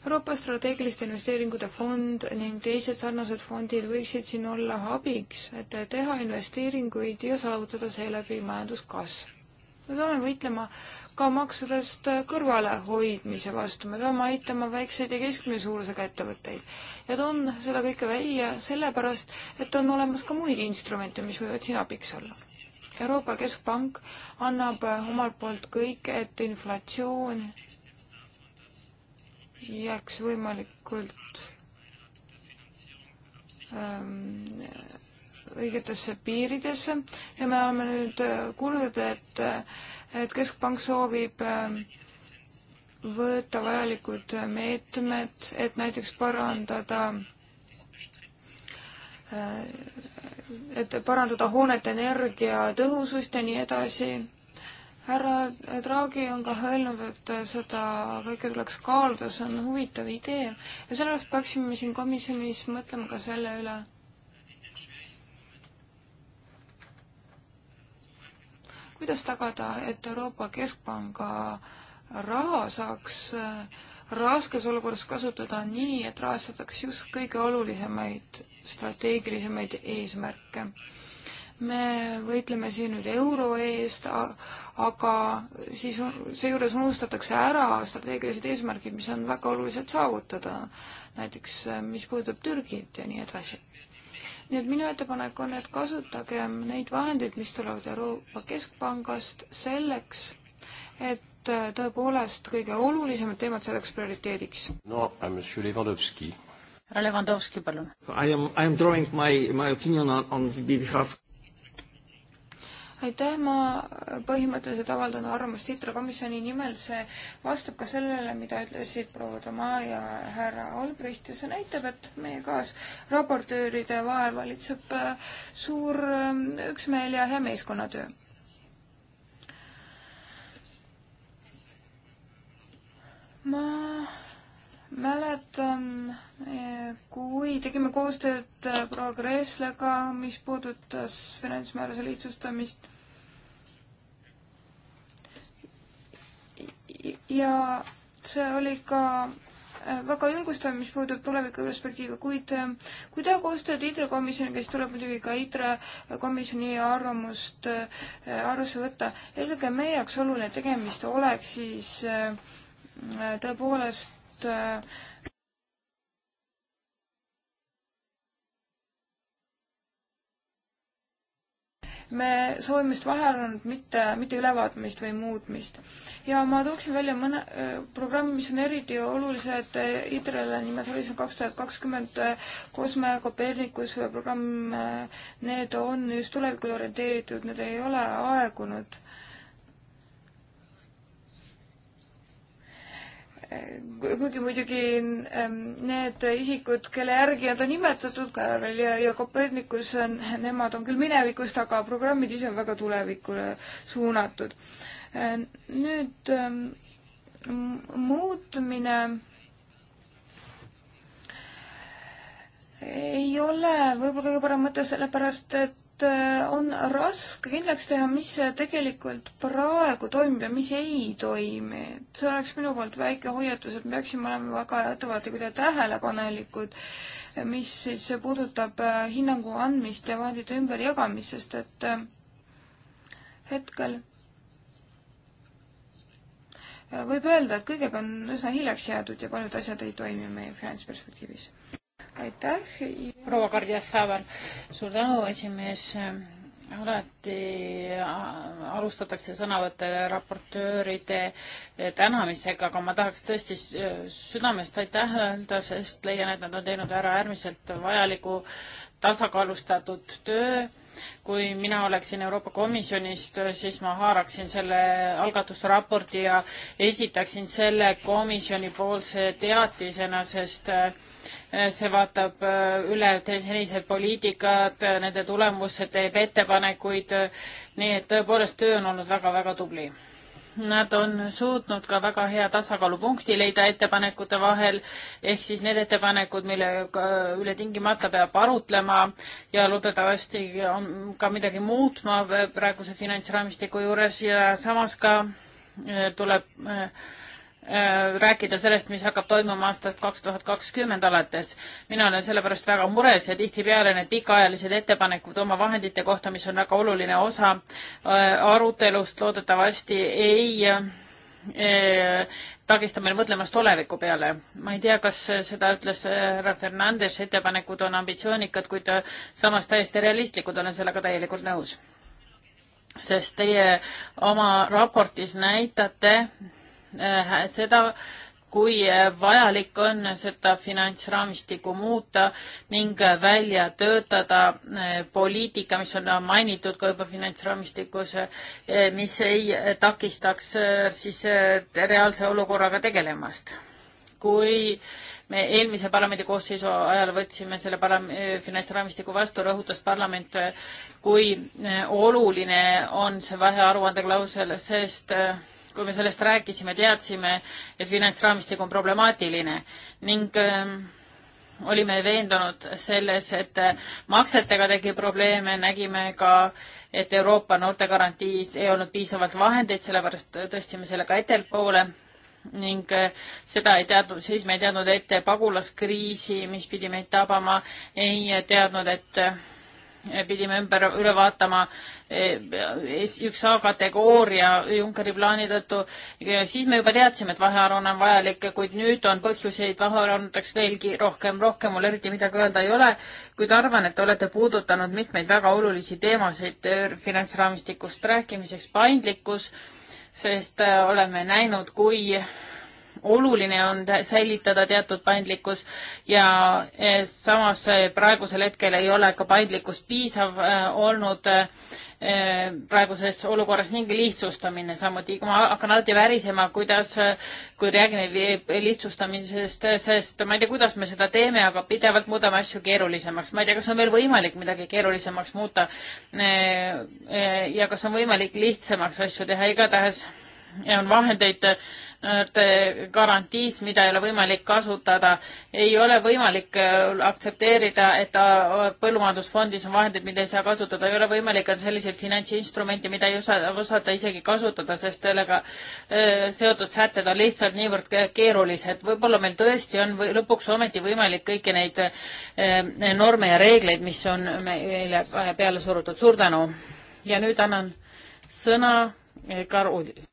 Euroopa strateegiliste investeeringute fond ning teised sarnased fondid võiksid siin olla abiks, et teha investeeringuid ja saavutada seeläbi majanduskasv. me peame võitlema ka maksudest kõrvalehoidmise vastu, me peame aitama väikseid ja keskmise suurusega ettevõtteid. ja toon seda kõike välja sellepärast, et on olemas ka muid instrumente, mis võivad siin abiks olla. Euroopa Keskpank annab omalt poolt kõik, et inflatsioon jääks võimalikult ähm, õigetesse piiridesse ja me oleme nüüd äh, kuulnud, et, äh, et Keskpank soovib ähm, võtta vajalikud meetmed, et näiteks parandada äh, et parandada hoonete energiatõhusust ja nii edasi härra Draghi on ka öelnud, et seda kõike tuleks kaaluda, see on huvitav idee ja sellepärast peaksime siin komisjonis mõtlema ka selle üle. kuidas tagada, et Euroopa Keskpanga raha saaks raskes olukorras kasutada nii, et rahastataks just kõige olulisemaid strateegilisemaid eesmärke me võitleme siin nüüd euro eest, aga siis seejuures unustatakse ära strateegilised eesmärgid, mis on väga olulised saavutada, näiteks äh, mis puudutab Türgit ja nii edasi. nii et minu ettepanek on, et kasutagem neid vahendeid, mis tulevad Euroopa Keskpangast selleks, et äh, tõepoolest kõige olulisemad teemad selleks prioriteediks. no, äh, monsieur Levadovski. härra Levadovski, palun. I am, I am drawing my, my opinion on, on behalf aitäh, ma põhimõtteliselt avaldan arvamust ITRO komisjoni nimel, see vastab ka sellele, mida ütlesid proua Toma ja härra Albrecht ja see näitab, et meie kaasraportööride vahel valitseb äh, suur ähm, üksmeel ja hea meeskonnatöö. ma mäletan, äh, kui tegime koostööd äh, proua Kreeslega, mis puudutas finantsmääruse lihtsustamist ja see oli ka äh, väga julgustav, mis puudutab tulevikuperspektiive, kuid äh, kui teha koostööd ITRE komisjoniga, siis tuleb muidugi ka ITRE komisjoni arvamust äh, arvesse võtta. eelkõige meie jaoks oluline tegemist oleks siis tõepoolest me soovime seda vahearvamist, mitte, mitte ülevaatmist või muutmist. ja ma tooksin välja mõne äh, programmi, mis on eriti olulised äh, ITRE-le, nimelt Horisont kaks tuhat kakskümmend, Kosme, äh, Copernicus programm äh,, need on just tulevikule orienteeritud, need ei ole aegunud äh, kuigi muidugi ehm, need isikud, kelle järgi nad on nimetatud, Galileo ja Kopernikus, nemad on küll minevikust, aga programmid ise on väga tulevikule suunatud. Ehm, nüüd ehm, muutmine ei ole võib-olla kõige parem mõte, sellepärast et et äh, on raske kindlaks teha, mis tegelikult praegu toimib ja mis ei toimi. et see oleks minu poolt väike hoiatus, et me peaksime olema väga ettevaatlikud ja tähelepanelikud, mis siis puudutab äh, hinnangu andmist ja vahendite ümberjagamist, sest et äh, hetkel võib öelda, et kõigega on üsna hiljaks jäädud ja paljud asjad ei toimi meie finantsperspektiivis aitäh. proua Kardias Saaval, suur tänu, esimees. alati äh, alustatakse sõnavõtte raportööride äh, tänamisega, aga ma tahaks tõesti äh, südamest aitäh öelda, sest leian, et nad on teinud ära äärmiselt vajaliku äh, tasakaalustatud töö. kui mina oleksin Euroopa Komisjonist, siis ma haaraksin selle algatusraporti ja esitaksin selle komisjoni poolse teatisena, sest eh, see vaatab eh, üle senised poliitikad, eh, nende tulemused, teeb ettepanekuid, nii et tõepoolest töö on olnud väga-väga tubli Nad on suutnud ka väga hea tasakaalupunkti leida ettepanekute vahel, ehk siis need ettepanekud, mille üle tingimata peab arutlema ja loodetavasti on ka midagi muutma praeguse finantsraamistiku juures ja samas ka eh, tuleb eh, Äh, rääkida sellest, mis hakkab toimuma aastast kaks tuhat kakskümmend alates. mina olen selle pärast väga mures ja tihtipeale need pikaajalised ettepanekud oma vahendite kohta, mis on väga oluline osa äh, arutelust, loodetavasti ei äh, takista meil mõtlemast oleviku peale. ma ei tea, kas seda ütles härra Fernandes, ettepanekud on ambitsioonikad, kuid samas täiesti realistlikud, olen sellega täielikult nõus. sest teie oma raportis näitate, Äh, seda, kui äh, vajalik on seda finantsraamistikku muuta ning äh, välja töötada poliitika, mis on mainitud ka juba finantsraamistikus, mis ei takistaks siis reaalse olukorraga tegelemast. kui me eelmise parlamendi koosseisu ajal võtsime selle parla-, finantsraamistiku vastu, rõhutas parlament, kui oluline on see vahearuande klausel, sest kui me sellest rääkisime, teadsime, et finantsraamistik on problemaatiline ning äh, olime veendunud selles, et äh, maksetega tegi probleeme, nägime ka, et Euroopa noortegarantiis ei olnud piisavalt vahendeid, sellepärast tõstsime selle ka ettepoole ning äh, seda ei teadnud, siis me ei teadnud ette pagulaskriisi, mis pidi meid tabama, ei teadnud, et äh, pidime ümber, üle vaatama e, üks A kategooria Junckeri plaani tõttu. siis me juba teadsime, et vahearuanne on vajalik, kuid nüüd on põhjuseid vahearuanneteks veelgi rohkem, rohkem mul eriti midagi öelda ei ole, kuid arvan, et te olete puudutanud mitmeid väga olulisi teemasid finantsraamistikust rääkimiseks, paindlikkus, sest äh, oleme näinud, kui oluline on säilitada teatud paindlikkus ja e, samas e, praegusel hetkel ei ole ka paindlikkus piisav e, olnud praeguses olukorras ning lihtsustamine samuti. ma hakkan alati värisema, kuidas, kui räägime lihtsustamisest, sest ma ei tea, kuidas me seda teeme, aga pidevalt muudame asju keerulisemaks. ma ei tea, kas on veel võimalik midagi keerulisemaks muuta ja kas on võimalik lihtsamaks asju teha. igatahes on vahendeid garantiis, mida ei ole võimalik kasutada. ei ole võimalik äh, aktsepteerida, et äh, põllumajandusfondis on vahendid, mida ei saa kasutada, ei ole võimalik on selliseid finantsinstrumente, mida ei osa, osata isegi kasutada, sest sellega äh, seotud sätted on lihtsalt niivõrd keerulised. võib-olla meil tõesti on või lõpuks ometi võimalik kõiki neid norme ja reegleid, mis on meile peale surutud. suur tänu! ja nüüd annan sõna Karl Uudile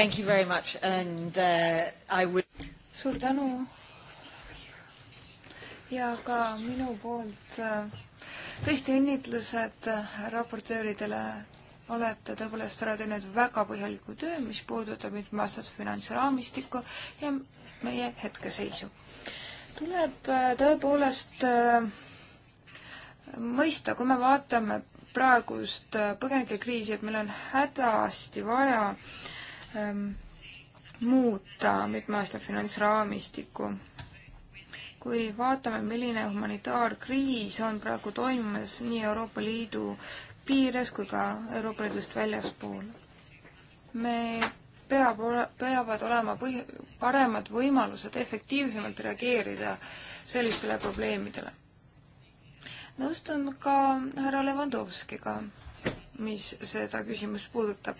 Thank you very much and uh, I would suur tänu ja ka minu poolt äh, tõesti õnnitlused äh, raportööridele, olete tõepoolest ära teinud väga põhjaliku töö, mis puudutab mitmeaastast finantsraamistikku ja meie hetkeseisu. tuleb äh, tõepoolest mõista, kui me vaatame praegust põgenikekriisi, et meil on hädasti vaja äh, ähm, muuta mitmeaasta finantsraamistikku. kui vaatame, milline humanitaarkriis on praegu toimumas nii Euroopa Liidu piires kui ka Euroopa Liidust väljaspool, me peab, peavad olema põhi, paremad võimalused efektiivsemalt reageerida sellistele probleemidele. nõustun ka härra Levandovskiga, mis seda küsimust puudutab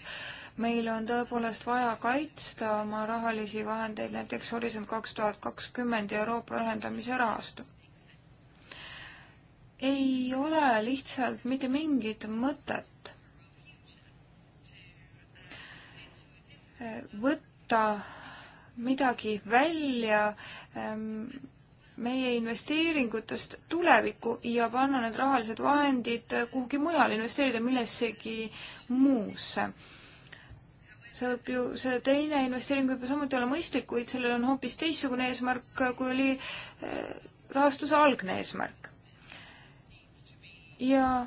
meil on tõepoolest vaja kaitsta oma rahalisi vahendeid, näiteks Horisont kaks tuhat kakskümmend ja Euroopa ühendamise rahastu. ei ole lihtsalt mitte mingit mõtet võtta midagi välja ehm, meie investeeringutest tulevikku ja panna need rahalised vahendid kuhugi mujale, investeerida millessegi muusse saab ju see teine investeering võib ju samuti olla mõistlik, kuid sellel on hoopis teistsugune eesmärk, kui oli eh, rahastuse algne eesmärk. ja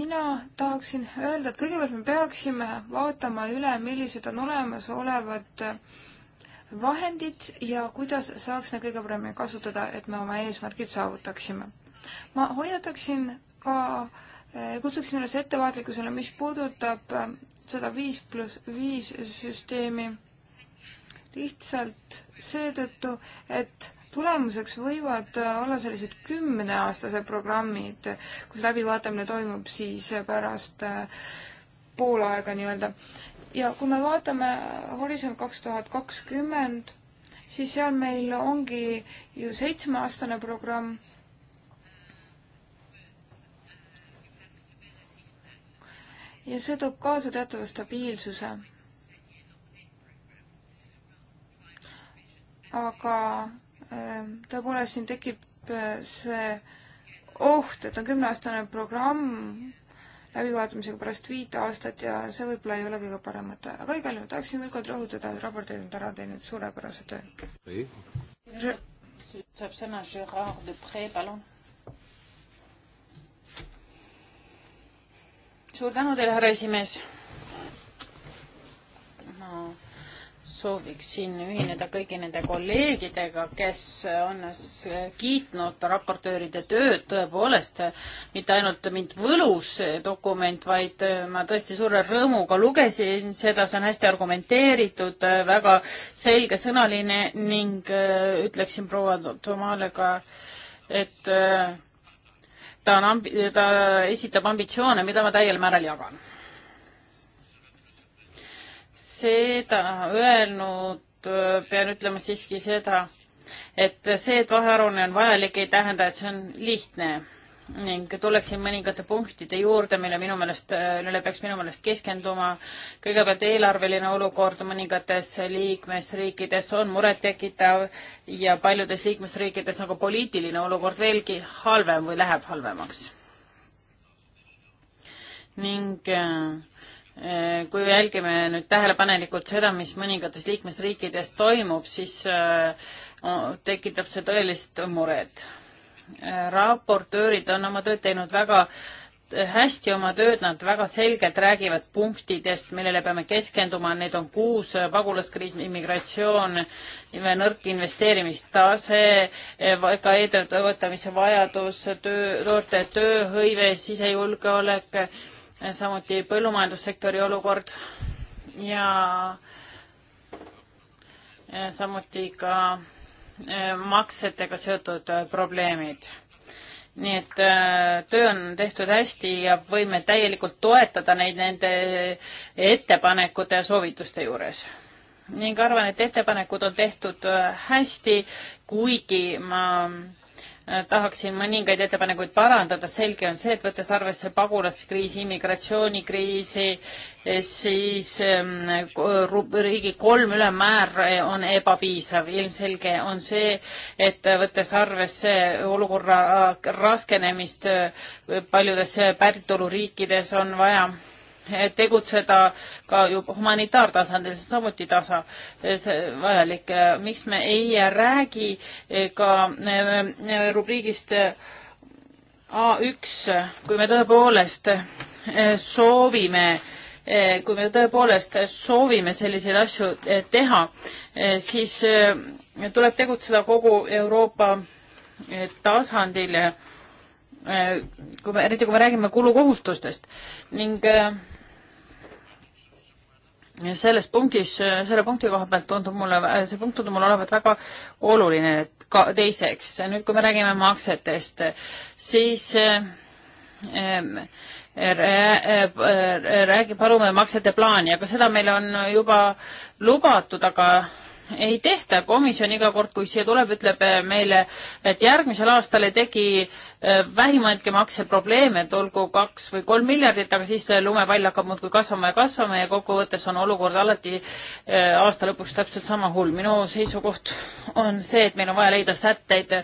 mina tahaksin öelda, et kõigepealt me peaksime vaatama üle, millised on olemasolevad eh, vahendid ja kuidas saaks neid kõige paremini kasutada, et me oma eesmärgid saavutaksime. ma hoiataksin ka äh, Äh, kutsuksin üles ettevaatlikkusele, mis puudutab äh, seda viis pluss viis süsteemi lihtsalt seetõttu, et tulemuseks võivad äh, olla sellised kümneaastased programmid, kus läbivaatamine toimub siis pärast pool aega nii-öelda. ja kui me vaatame Horisont kaks tuhat kakskümmend, siis seal meil ongi ju seitsmeaastane programm ja see toob kaasa teatava stabiilsuse. aga ähm, tõepoolest siin tekib äh, see oht, et on kümneaastane programm läbivaatamisega pärast viit aastat ja see võib-olla ei ole kõige parem mõte, aga igal juhul tahaksin veel kord rõhutada, et Robert on ära teinud suurepärase töö. saab sõna Gerard Depre, palun suur tänu teile, härra esimees. ma sooviksin ühineda kõigi nende kolleegidega, kes on kiitnud raportööride tööd tõepoolest, mitte ainult mind võlus dokument, vaid ma tõesti suure rõõmuga lugesin seda, see on hästi argumenteeritud, väga selgesõnaline ning ütleksin proua Tomale ka, et äh, ta on, ta esitab ambitsioone, mida ma täiel määral jagan. seda öelnud pean ütlema siiski seda, et see, et vahearuanne on vajalik, ei tähenda, et see on lihtne ning tuleksin mõningate punktide juurde, mille minu meelest, millele peaks minu meelest keskenduma. kõigepealt eelarveline olukord mõningates liikmesriikides on murettekitav ja paljudes liikmesriikides on ka poliitiline olukord veelgi halvem või läheb halvemaks. ning eh, kui jälgime nüüd tähelepanelikult seda, mis mõningates liikmesriikides toimub, siis eh, tekitab see tõelist muret raportöörid on oma tööd teinud väga hästi oma tööd, nad väga selgelt räägivad punktidest, millele peame keskenduma, need on kuus, pagulaskriis, immigratsioon, nõrk investeerimistase, ka edetamise vajadus, töö, noorte tööhõive, sisejulgeolek, samuti põllumajandussektori olukord ja, ja samuti ka Äh, maksetega seotud äh, probleemid. nii et äh, töö on tehtud hästi ja võime täielikult toetada neid nende ettepanekute ja soovituste juures. ning arvan, et ettepanekud on tehtud hästi, kuigi ma tahaksin mõningaid ettepanekuid parandada, selge on see, et võttes arvesse pagulaskriisi, immigratsioonikriisi, siis ähm, riigi kolm ülemmäär on ebapiisav. ilmselge on see, et võttes arvesse olukorra äh, raskenemist äh, paljudes äh, päritoluriikides on vaja tegutseda ka humanitaartasandil, see on samuti tasa vajalik. miks me ei räägi eh, ka eh, eh, rubriigist A1, kui me tõepoolest soovime kui me tõepoolest soovime selliseid asju teha, siis tuleb tegutseda kogu Euroopa tasandil, kui me, eriti kui me räägime kulukohustustest ning äh, selles punktis, selle punkti koha pealt tundub mulle, see punkt tundub mulle olevat väga oluline, et ka teiseks, nüüd kui me räägime maksetest, siis ähm, räägi, palume maksete plaani, aga seda meil on juba lubatud, aga ei tehta, komisjon iga kord, kui siia tuleb, ütleb eh, meile, et järgmisel aastal ei tegi eh, vähimaidki makseprobleeme, et olgu kaks või kolm miljardit, aga siis lumepall hakkab muudkui kasvama ja kasvama ja kokkuvõttes on olukord alati eh, aasta lõpuks täpselt sama hull. minu seisukoht on see, et meil on vaja leida sätteid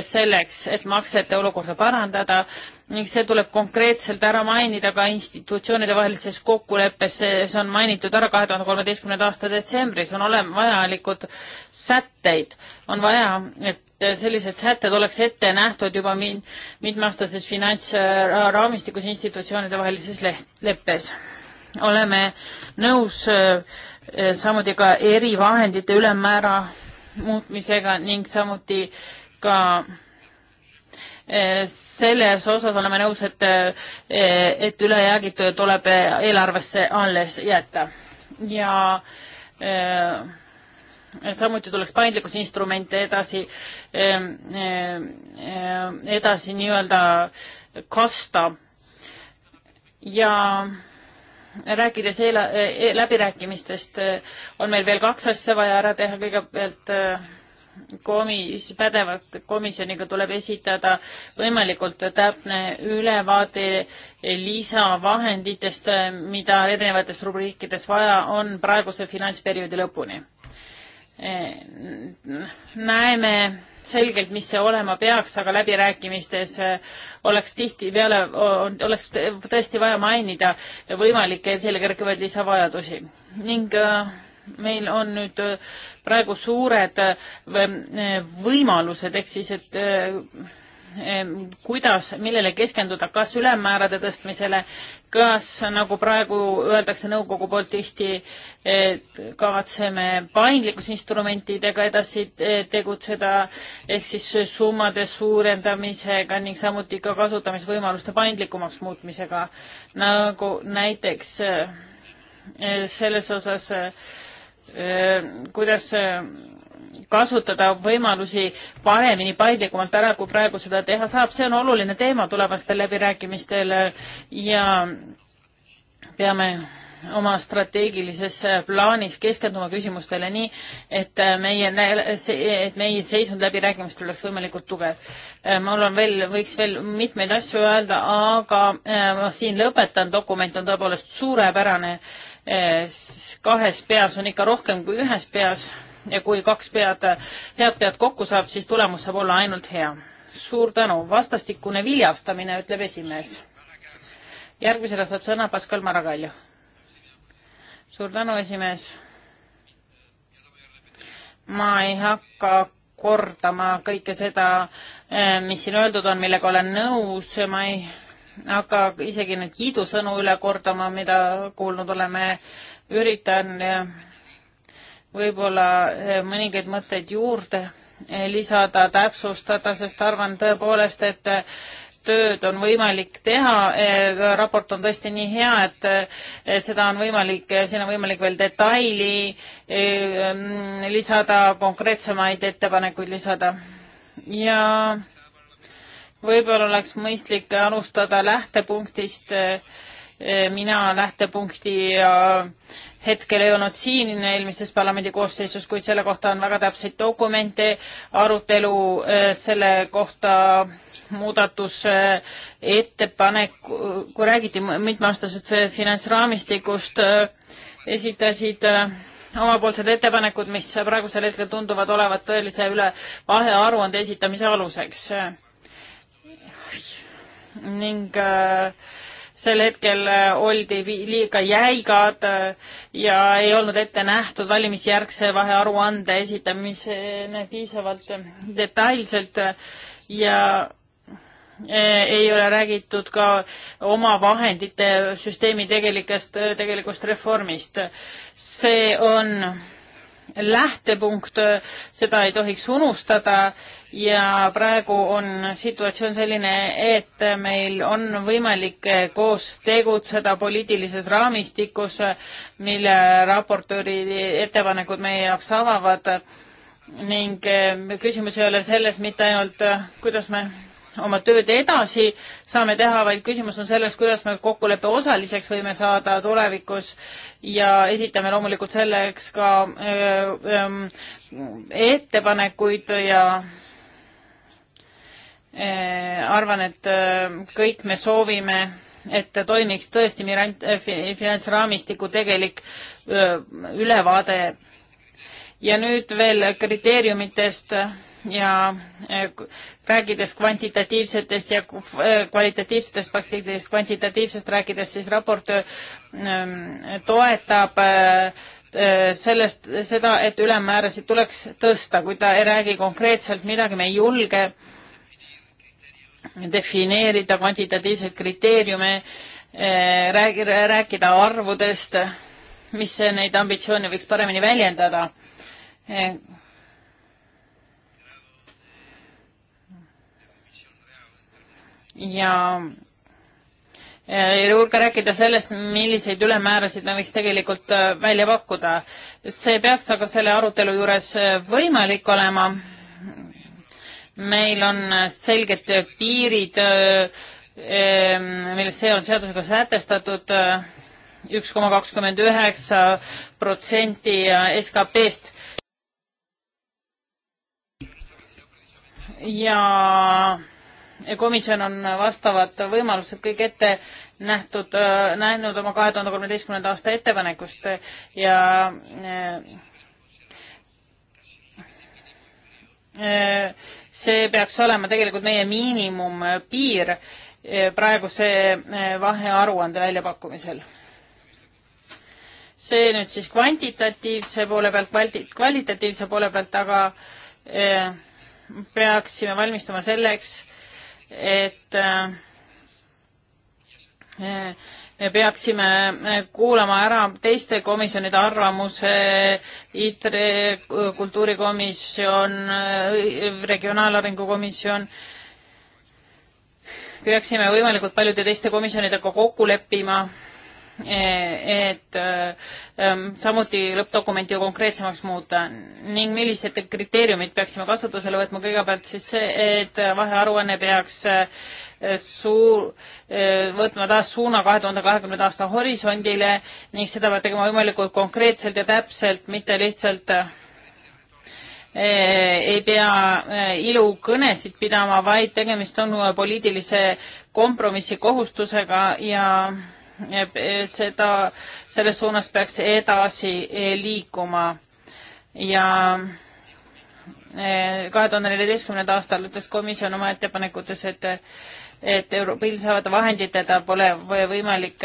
selleks, et maksete olukorda parandada ning see tuleb konkreetselt ära mainida ka institutsioonide vahelises kokkuleppes, see on mainitud ära kahe tuhande kolmeteistkümnenda aasta detsembris, on olema vajalikud sätteid, on vaja, et sellised sätted oleks ette nähtud juba min-, mitmeaastases finantsraamistikus institutsioonide vahelises leht-, leppes. oleme nõus eh, samuti ka erivahendite ülemmäära muutmisega ning samuti äh, ka eh, selles osas oleme nõus, et, eh, et ülejäägid tuleb eelarvesse alles jätta ja eh, samuti tuleks paindlikkusinstrumente edasi, edasi nii-öelda kasta ja rääkides eela-, läbirääkimistest, on meil veel kaks asja vaja ära teha, kõigepealt komis-, pädevat komisjoniga tuleb esitada võimalikult täpne ülevaade lisavahenditest, mida erinevates rubriikides vaja on praeguse finantsperioodi lõpuni. näeme selgelt, mis see olema peaks, aga läbirääkimistes oleks tihtipeale, oleks tõesti vaja mainida võimalikke sellega kerkivaid lisavajadusi ning äh, meil on nüüd äh, praegu suured äh, võimalused, ehk siis, et äh, kuidas, millele keskenduda, kas ülemmäärade tõstmisele, kas nagu praegu öeldakse nõukogu poolt tihti, et kavatseme paindlikkusinstrumentidega edasi e, tegutseda, ehk siis summade suurendamisega ning samuti ka kasutamisvõimaluste paindlikumaks muutmisega, nagu näiteks e, selles osas Äh, kuidas äh, kasutada võimalusi paremini, paindlikumalt ära, kui praegu seda teha saab, see on oluline teema tulevastel läbirääkimistel ja peame oma strateegilises plaanis keskenduma küsimustele nii, et äh, meie, et meie seisund läbirääkimistel oleks võimalikult tugev. mul on veel, võiks veel mitmeid asju öelda, aga ma siin lõpetan, dokument on tõepoolest suurepärane äh, kahes peas on ikka rohkem kui ühes peas ja kui kaks pead, head pead kokku saab, siis tulemus saab olla ainult hea. suur tänu, vastastikune viljastamine, ütleb esimees. järgmisena saab sõna Pascal Maragallo. suur tänu, esimees. ma ei hakka kordama kõike seda, eh, mis siin öeldud on, millega olen nõus, ma ei aga isegi neid kiidusõnu üle kordama, mida kuulnud oleme, üritan võib-olla eh, mõningaid mõtteid juurde eh, lisada, täpsustada, sest arvan tõepoolest, et eh, tööd on võimalik teha, raport on tõesti nii hea, et, et seda on võimalik, siin on võimalik veel detaili mm, lisada, konkreetsemaid ettepanekuid lisada ja võib-olla oleks mõistlik alustada lähtepunktist. Eh, mina lähtepunkti hetkel ei olnud siin eelmises parlamendi koosseisus, kuid selle kohta on väga täpseid dokumente, arutelu eh, selle kohta muudatusettepaneku, eh, kui räägiti mitmeaastasest finantsraamistikust, esitasid omapoolsed ettepanekud, mis praegusel hetkel tunduvad olevat tõelise üle vahearuande esitamise aluseks ning äh, sel hetkel äh, oldi liiga jäigad äh, ja ei olnud ette nähtud valimisjärgse vahearuande esitamiseni piisavalt detailselt ja ei ole räägitud ka oma vahendite süsteemi tegelikest, tegelikust reformist. see on lähtepunkt, äh, seda ei tohiks unustada ja praegu on situatsioon selline, et meil on võimalik äh, koos tegutseda poliitilises raamistikus, äh, mille raportööri ettepanekud meie jaoks avavad ning küsimus ei ole selles mitte ainult, kuidas me oma tööd edasi saame teha, vaid küsimus on selles, kuidas me kokkuleppe osaliseks võime saada tulevikus ja esitame loomulikult selleks ka öö, öö, ettepanekuid ja öö, arvan, et öö, kõik me soovime, et toimiks tõesti mirant-, finantsraamistiku tegelik öö, ülevaade. ja nüüd veel kriteeriumitest ja eh, rääkides kvantitatiivsetest ja eh, kvalitatiivsetest faktidest, kvantitatiivsest rääkides, siis raport eh, mm, toetab sellest, seda, et ülemmäärasid tuleks tõsta, kui ta ei räägi konkreetselt midagi, me ei julge defineerida kvantitatiivseid kriteeriume, räägi, rääkida arvudest, mis neid ambitsioone võiks paremini väljendada ja juurde eh, rääkida sellest, milliseid ülemäärasid me võiks tegelikult eh, välja pakkuda. see peaks aga selle arutelu juures eh, võimalik olema. meil on selged piirid, milles see on seadusega sätestatud, üks koma kakskümmend üheksa protsenti SKP-st. ja komisjon on vastavad võimalused kõik ette nähtud, äh, näinud oma kahe tuhande kolmeteistkümnenda aasta ettepanekust ja äh, äh, see peaks olema tegelikult meie miinimumpiir praeguse vahearuande väljapakkumisel. see nüüd siis kvantitatiivse poole pealt, kvalitatiivse poole pealt, aga peaksime valmistuma selleks, et äh, me peaksime kuulama ära teiste komisjonide arvamuse, ITRE kultuurikomisjon, regionaalarengu komisjon, peaksime võimalikult paljude teiste komisjonidega kokku leppima Eh, et eh, samuti lõppdokumenti konkreetsemaks muuta ning millised kriteeriumid peaksime kasutusele võtma, kõigepealt siis see, et vahearuanne peaks eh, suur, võtma taas suuna kahe tuhande kahekümnenda aasta horisondile ning seda peab tegema võimalikult konkreetselt ja täpselt, mitte lihtsalt ei pea ilukõnesid pidama, vaid tegemist on poliitilise kompromissi kohustusega ja E, seda, selles suunas peaks edasi e, liikuma ja e, kahe tuhande neljateistkümnendal aastal ütles komisjon oma ettepanekutes, et et Euroopa Liit saavad vahenditega pole võimalik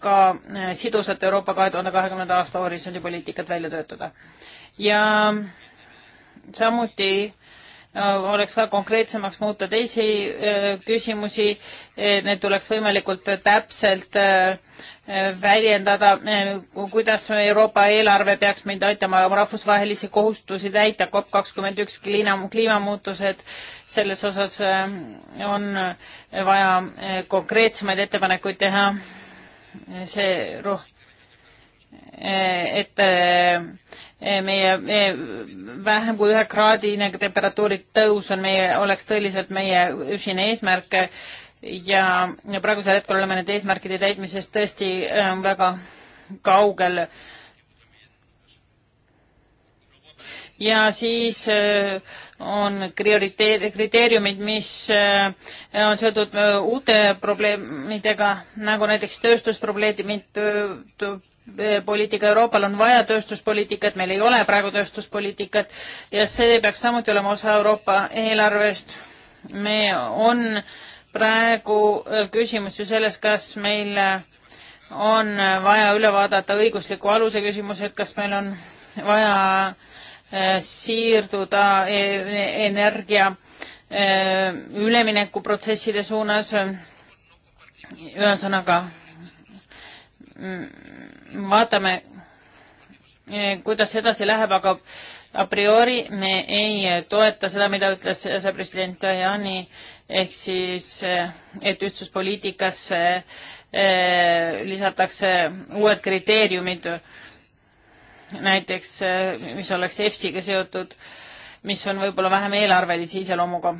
ka sidusat Euroopa kahe tuhande kahekümnenda aasta horisondi poliitikat välja töötada. ja samuti äh, oleks vaja konkreetsemaks muuta teisi äh, küsimusi, äh, need tuleks võimalikult täpselt äh, väljendada, kuidas Euroopa eelarve peaks meid aitama rahvusvahelisi kohustusi täita, COP kakskümmend üks kliima, kliimamuutused, selles osas on vaja konkreetsemaid ettepanekuid teha, see roh-, et Eh, meie eh, vähem kui ühe kraadine temperatuuri tõus on meie, oleks tõeliselt meie ühine eesmärk ja, ja praegusel hetkel oleme nende eesmärkide täitmisest tõesti eh, väga kaugel. ja siis on prioriteet, kriteeriumid, mis on seotud uute probleemidega, nagu näiteks tööstusprobleemid, poliitika, Euroopal on vaja tööstuspoliitikat, meil ei ole praegu tööstuspoliitikat ja see peaks samuti olema osa Euroopa eelarvest. me, on praegu küsimus ju selles, kas meil on vaja üle vaadata õigusliku aluse küsimused, kas meil on vaja siirduda e-, energia üleminekuprotsesside suunas. ühesõnaga Mm, vaatame, eh, kuidas edasi läheb, aga a priori me ei toeta seda, mida ütles asepresident Tajani, ehk siis, eh, et ühtsuspoliitikasse eh, lisatakse uued kriteeriumid, näiteks mis oleks EFSiga seotud, mis on võib-olla vähem eelarvelise iseloomuga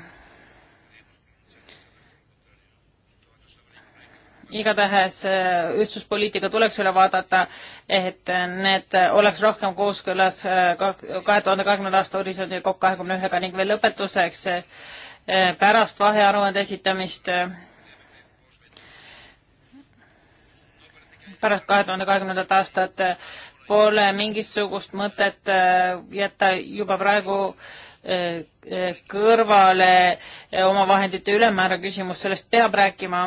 igatahes äh, ühtsuspoliitika tuleks üle vaadata, et äh, need oleks rohkem kooskõlas äh, kahe tuhande kahekümnenda aasta horisondi COP kahekümne ühega ning veel lõpetuseks pärast vahearuande esitamist pärast kahe tuhande kahekümnendat aastat pole mingisugust mõtet jätta juba praegu kõrvale oma vahendite ülemmäära küsimus, sellest peab rääkima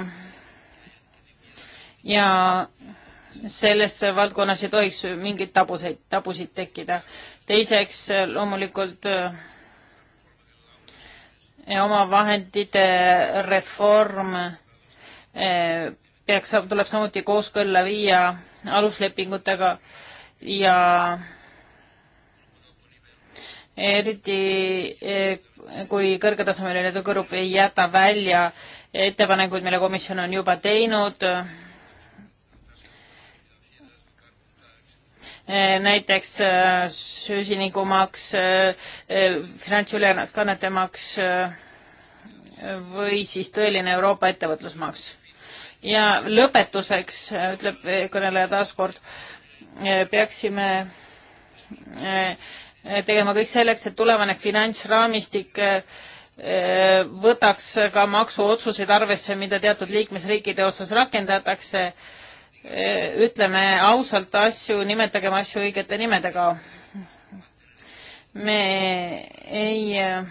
ja selles valdkonnas ei tohiks mingeid tabuseid, tabusid tekkida. teiseks loomulikult eh, omavahendite reform eh, peaks, tuleb samuti kooskõlla viia aluslepingutega ja eriti eh, kui kõrgetasemeline töögrupp ei jäta välja ettepanekuid, mille komisjon on juba teinud Eh, näiteks eh, süsinikumaks, eh, finantsülekannete maks või siis tõeline Euroopa ettevõtlusmaks. ja lõpetuseks, ütleb kõneleja taaskord, peaksime tegema kõik selleks, et tulevane finantsraamistik võtaks ka maksuotsuseid arvesse, mida teatud liikmesriikide osas rakendatakse Eh, ütleme ausalt asju, nimetagem asju õigete nimedega. me ei eh,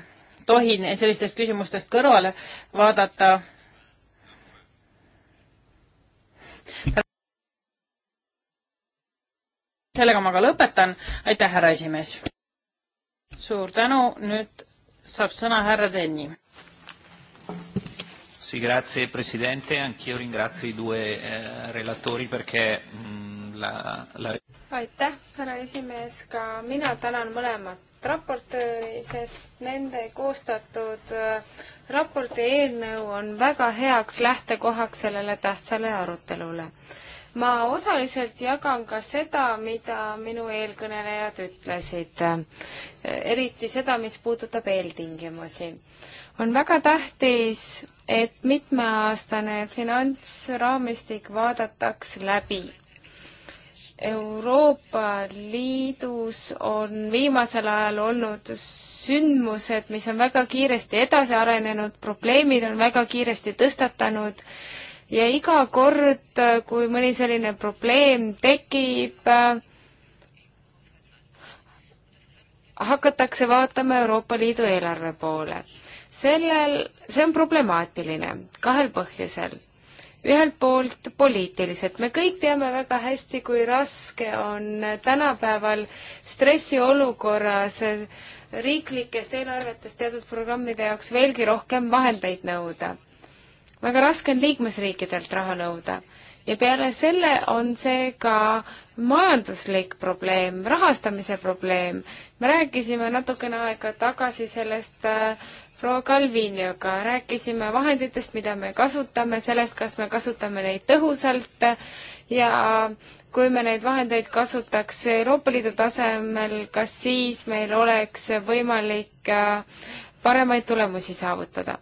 tohi sellistest küsimustest kõrvale vaadata. sellega ma ka lõpetan. aitäh, härra esimees. suur tänu, nüüd saab sõna härra Zenni. Sì, grazie Presidente, anch'io ringrazio i due eh, relatori perché mh, mm, la, la... aitäh, härra esimees, ka mina tänan mõlemat raportööri, sest nende koostatud äh, raporti eelnõu on väga heaks lähtekohaks sellele tähtsale arutelule ma osaliselt jagan ka seda, mida minu eelkõnelejad ütlesid, eriti seda, mis puudutab eeltingimusi. on väga tähtis, et mitmeaastane finantsraamistik vaadataks läbi Euroopa Liidus on viimasel ajal olnud sündmused, mis on väga kiiresti edasi arenenud, probleemid on väga kiiresti tõstatanud ja iga kord, äh, kui mõni selline probleem tekib, äh, hakatakse vaatama Euroopa Liidu eelarve poole. sellel, see on problemaatiline kahel põhjusel. ühelt poolt poliitiliselt, me kõik teame väga hästi, kui raske on tänapäeval stressiolukorras riiklikest eelarvetest teatud programmide jaoks veelgi rohkem vahendeid nõuda väga raske on liikmesriikidelt raha nõuda ja peale selle on see ka majanduslik probleem, rahastamise probleem. me rääkisime natukene aega tagasi sellest äh, proua Kalvinioga, rääkisime vahenditest, mida me kasutame, sellest, kas me kasutame neid tõhusalt ja kui me neid vahendeid kasutaks Euroopa Liidu tasemel, kas siis meil oleks võimalik äh, paremaid tulemusi saavutada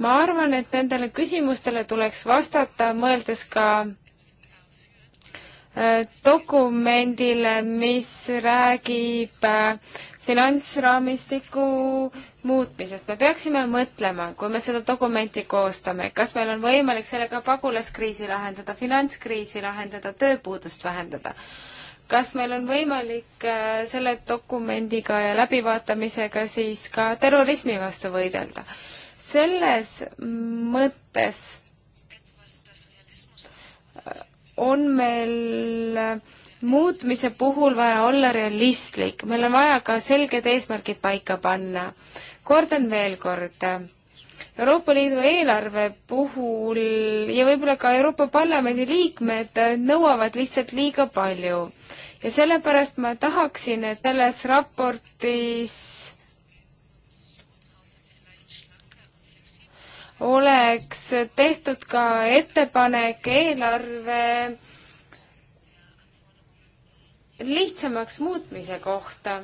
ma arvan, et nendele küsimustele tuleks vastata, mõeldes ka äh, dokumendile, mis räägib äh, finantsraamistiku muutmisest. me peaksime mõtlema, kui me seda dokumenti koostame, kas meil on võimalik sellega pagulaskriisi lahendada, finantskriisi lahendada, tööpuudust vähendada. kas meil on võimalik äh, selle dokumendiga ja läbivaatamisega siis ka terrorismi vastu võidelda? selles mõttes on meil muutmise puhul vaja olla realistlik, meil on vaja ka selged eesmärgid paika panna. kordan veel kord, Euroopa Liidu eelarve puhul ja võib-olla ka Euroopa Parlamendi liikmed nõuavad lihtsalt liiga palju. ja sellepärast ma tahaksin, et selles raportis oleks tehtud ka ettepanek eelarve lihtsamaks muutmise kohta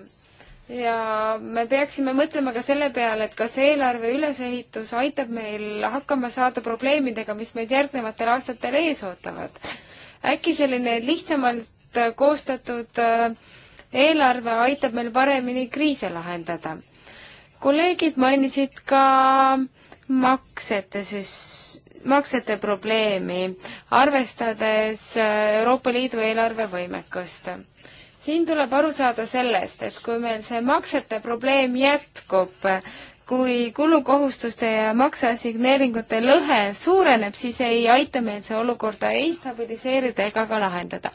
ja me peaksime mõtlema ka selle peale, et kas eelarve ülesehitus aitab meil hakkama saada probleemidega, mis meid järgnevatel aastatel ees ootavad. äkki selline lihtsamalt koostatud äh, eelarve aitab meil paremini kriise lahendada. kolleegid mainisid ka äh, maksete süs-, maksete probleemi, arvestades äh, Euroopa Liidu eelarvevõimekust. siin tuleb aru saada sellest, et kui meil see maksete probleem jätkub, kui kulukohustuste ja makseassigneeringute lõhe suureneb, siis ei aita meil see olukorda ei stabiliseerida ega ka lahendada.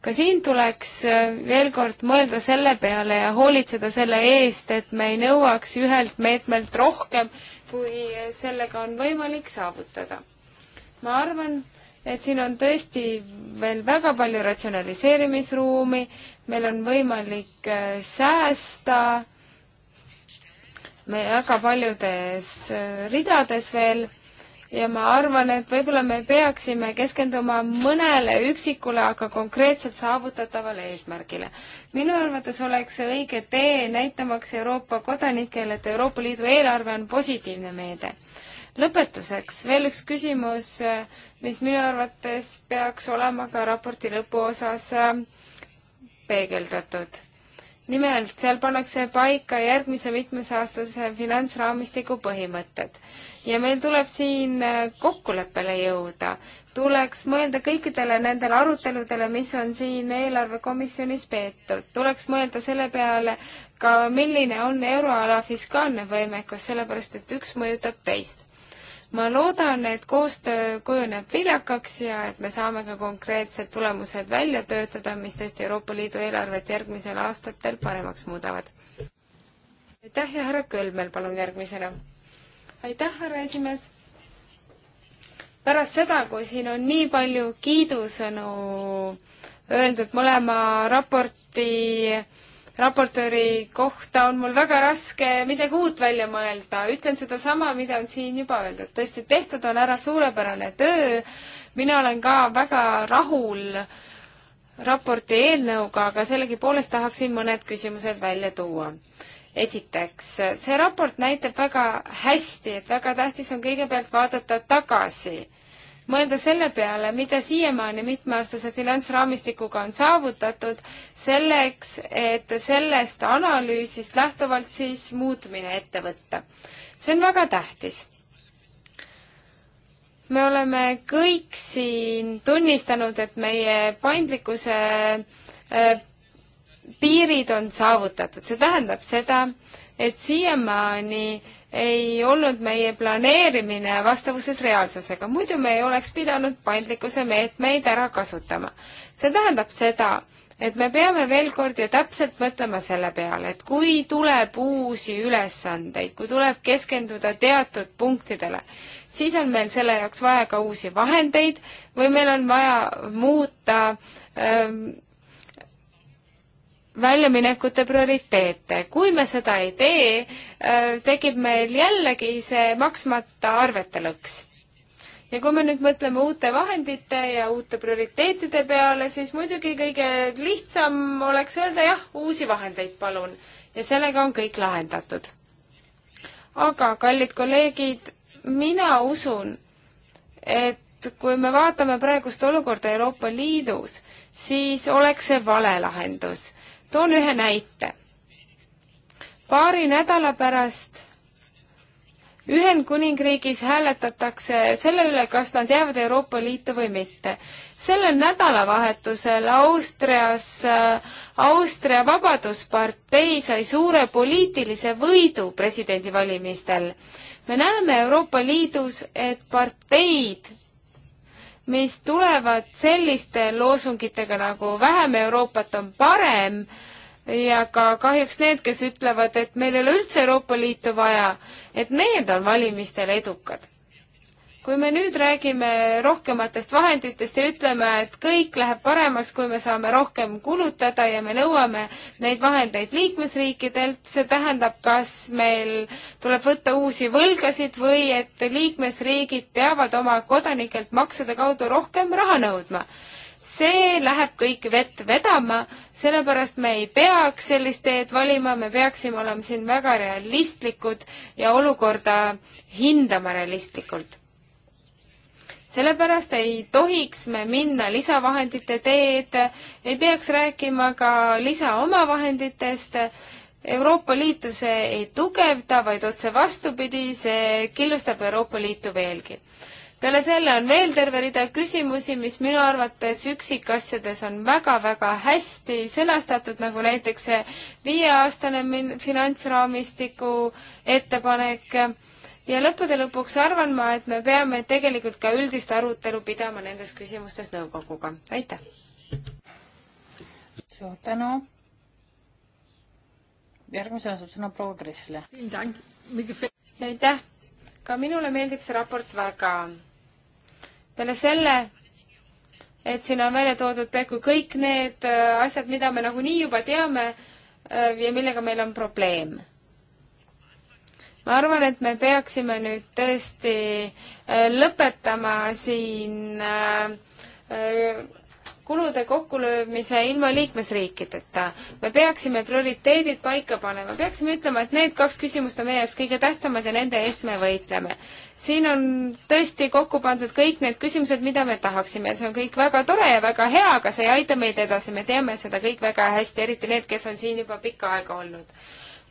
ka siin tuleks äh, veel kord mõelda selle peale ja hoolitseda selle eest, et me ei nõuaks ühelt meetmelt rohkem kui sellega on võimalik saavutada. ma arvan, et siin on tõesti veel väga palju ratsionaliseerimisruumi, meil on võimalik äh, säästa me väga paljudes äh, ridades veel ja ma arvan, et võib-olla me peaksime keskenduma mõnele üksikule, aga konkreetselt saavutatavale eesmärgile. minu arvates oleks see õige tee näitamaks Euroopa kodanikele, et Euroopa Liidu eelarve on positiivne meede. lõpetuseks veel üks küsimus, mis minu arvates peaks olema ka raporti lõpuosas äh, peegeldatud nimelt, seal pannakse paika järgmise mitmesaastase finantsraamistiku põhimõtted. ja meil tuleb siin äh, kokkuleppele jõuda. tuleks mõelda kõikidele nendele aruteludele, mis on siin eelarvekomisjonis peetud. tuleks mõelda selle peale ka, milline on euroala fiskaalne võimekus, sellepärast et üks mõjutab teist ma loodan, et koostöö kujuneb viljakaks ja et me saame ka konkreetsed tulemused välja töötada, mis tõesti Euroopa Liidu eelarvet järgmisel aastatel paremaks muudavad. aitäh ja härra Kölmel palun järgmisena. aitäh, härra esimees. pärast seda, kui siin on nii palju kiidusõnu öeldud mõlema raporti raportööri kohta on mul väga raske midagi uut välja mõelda, ütlen sedasama, mida on siin juba öeldud, tõesti tehtud on ära suurepärane töö, mina olen ka väga rahul raporti eelnõuga, aga sellegipoolest tahaksin mõned küsimused välja tuua. esiteks, see raport näitab väga hästi, et väga tähtis on kõigepealt vaadata tagasi mõelda selle peale, mida siiamaani mitmeaastase finantsraamistikuga on saavutatud, selleks, et sellest analüüsist lähtuvalt siis muutmine ette võtta. see on väga tähtis. me oleme kõik siin tunnistanud, et meie paindlikkuse äh, piirid on saavutatud, see tähendab seda, et siiamaani ei olnud meie planeerimine vastavuses reaalsusega, muidu me ei oleks pidanud paindlikkuse meetmeid ära kasutama. see tähendab seda, et me peame veel kord ja täpselt mõtlema selle peale, et kui tuleb uusi ülesandeid, kui tuleb keskenduda teatud punktidele, siis on meil selle jaoks vaja ka uusi vahendeid või meil on vaja muuta ähm, väljaminekute prioriteete. kui me seda ei tee, äh, tekib meil jällegi see maksmata arvete lõks. ja kui me nüüd mõtleme uute vahendite ja uute prioriteetide peale, siis muidugi kõige lihtsam oleks öelda jah, uusi vahendeid palun. ja sellega on kõik lahendatud. aga, kallid kolleegid, mina usun, et kui me vaatame praegust olukorda Euroopa Liidus, siis oleks see vale lahendus toon ühe näite. paari nädala pärast Ühendkuningriigis hääletatakse selle üle, kas nad jäävad Euroopa Liitu või mitte. sellel nädalavahetusel Austrias, Austria Vabaduspartei sai suure poliitilise võidu presidendivalimistel. me näeme Euroopa Liidus, et parteid mis tulevad selliste loosungitega nagu vähem Euroopat on parem ja ka kahjuks need, kes ütlevad, et meil ei ole üldse Euroopa Liitu vaja, et need on valimistel edukad kui me nüüd räägime rohkematest vahenditest ja ütleme, et kõik läheb paremaks, kui me saame rohkem kulutada ja me nõuame neid vahendeid liikmesriikidelt, see tähendab, kas meil tuleb võtta uusi võlgasid või et liikmesriigid peavad oma kodanikelt maksude kaudu rohkem raha nõudma see läheb kõik vett vedama, sellepärast me ei peaks sellist teed valima, me peaksime olema siin väga realistlikud ja olukorda hindama realistlikult sellepärast ei tohiks me minna lisavahendite teed, ei peaks rääkima ka lisaomavahenditest. Euroopa Liitu see ei tugevda, vaid otse vastupidi, see killustab Euroopa Liitu veelgi. peale selle on veel terve rida küsimusi, mis minu arvates üksikasjades on väga-väga hästi sõnastatud, nagu näiteks see viieaastane finantsraamistiku ettepanek ja lõppude lõpuks arvan ma, et me peame tegelikult ka üldist arutelu pidama nendes küsimustes nõukoguga, aitäh! suur tänu! järgmisena saab sõna proua Krisile. aitäh! ka minule meeldib see raport väga. peale selle, et siin on välja toodud peaaegu kõik need äh, asjad, mida me nagunii juba teame äh, ja millega meil on probleem ma arvan, et me peaksime nüüd tõesti äh, lõpetama siin äh, äh, kulude kokkulöömise ilma liikmesriikideta. me peaksime prioriteedid paika panema, peaksime ütlema, et need kaks küsimust on meie jaoks kõige tähtsamad ja nende eest me võitleme. siin on tõesti kokku pandud kõik need küsimused, mida me tahaksime ja see on kõik väga tore ja väga hea, aga see ei aita meid edasi, me teame seda kõik väga hästi, eriti need, kes on siin juba pikka aega olnud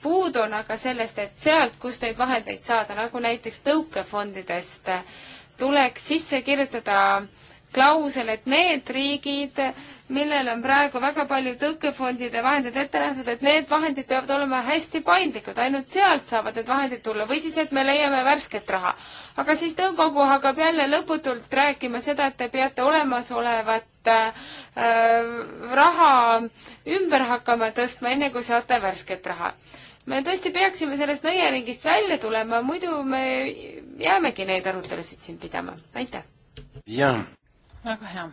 puudu on aga sellest, et sealt, kust neid vahendeid saada, nagu näiteks tõukefondidest, tuleks sisse kirjutada klausel, et need riigid, millel on praegu väga palju tõukefondide vahendeid ette nähtud, et need vahendid peavad olema hästi paindlikud, ainult sealt saavad need vahendid tulla või siis, et me leiame värsket raha. aga siis nõukogu hakkab jälle lõputult rääkima seda, et te peate olemasolevat äh, raha ümber hakkama tõstma, enne kui saate värsket raha me tõesti peaksime sellest nõiaringist välja tulema, muidu me jäämegi neid arutelusid siin pidama. aitäh! jaa. väga hea.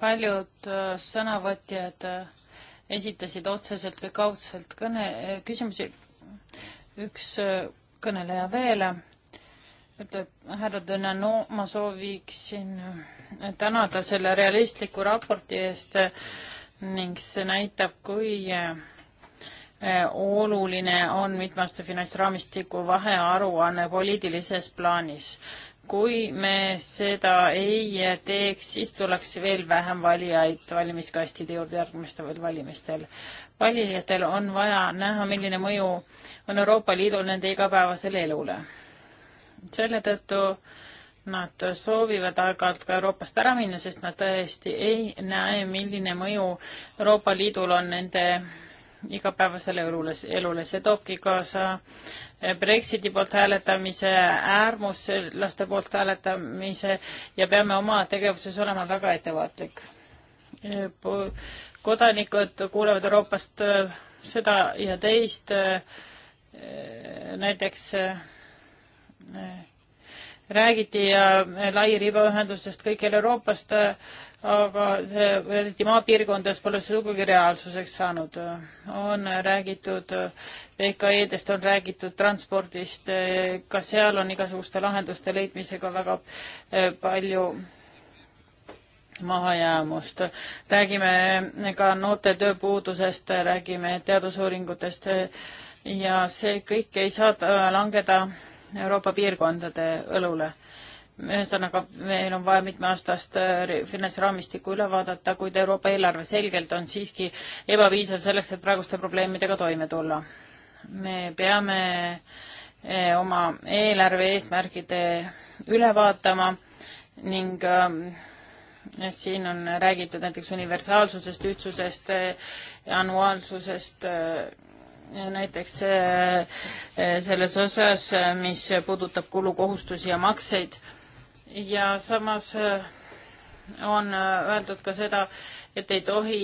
paljud äh, sõnavõtjad äh, esitasid otseselt või kaudselt kõne, äh, küsimusi. üks kõneleja veel ütleb härra Tõnano, ma sooviksin tänada selle realistliku raporti eest ning see näitab, kui eh, oluline on mitmeaasta finantsraamistiku vahearuanne poliitilises plaanis. kui me seda ei teeks, siis tuleks veel vähem valijaid valimiskastide juurde järgmistel valimistel. valijatel on vaja näha, milline mõju on Euroopa Liidul nende igapäevasele elule. selle tõttu äh, Nad soovivad aeg-ajalt ka Euroopast ära minna, sest nad tõesti ei näe, milline mõju Euroopa Liidul on nende igapäevasele elule, elule. see toobki kaasa Brexiti poolt hääletamise, äärmuslaste poolt hääletamise ja peame oma tegevuses olema väga ettevaatlik. kodanikud kuulevad Euroopast äh, seda ja teist, äh, näiteks äh, räägiti eh, lairibaühendusest kõikjal Euroopast, eh, aga eh, eriti maapiirkondades pole see sugugi reaalsuseks saanud. on räägitud VKE-dest, on räägitud transpordist, ka seal on igasuguste lahenduste leidmisega väga palju mahajäämust. räägime ka noorte tööpuudusest, räägime teadusuuringutest ja see kõik ei saa langeda Euroopa piirkondade õlule. ühesõnaga, meil on vaja mitmeaastast äh, finantsraamistikku üle vaadata, kuid Euroopa eelarve selgelt on siiski ebapiisav selleks, et praeguste probleemidega toime tulla. me peame äh, oma eelarve eesmärgide üle vaatama ning ähm, siin on räägitud näiteks universaalsusest, ühtsusest, äh, annuaalsusest näiteks äh, äh, selles osas, äh, mis puudutab kulukohustusi ja makseid ja samas on öeldud ka seda, et ei tohi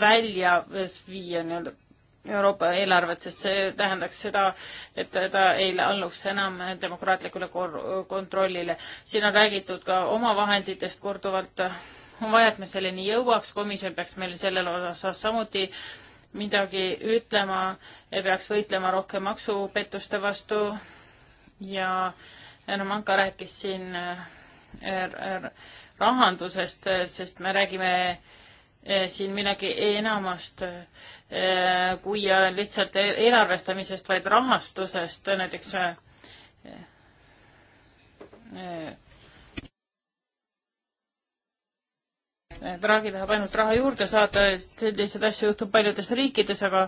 välja viia nii-öelda Euroopa eelarvet, sest see tähendaks seda, et ta ei alluks enam demokraatlikule kontrollile. siin on räägitud ka omavahenditest korduvalt. on vaja, et me selleni jõuaks, komisjon peaks meile sellel osas samuti äh, midagi ütlema ja peaks võitlema rohkem maksupettuste vastu ja no Manka rääkis siin äh, äh, rahandusest, äh, sest me räägime siin millegi enamast kui lihtsalt e-, eelarvestamisest, vaid rahastusest, näiteks Draghi tahab ainult raha juurde saada, selliseid asju juhtub paljudes riikides, aga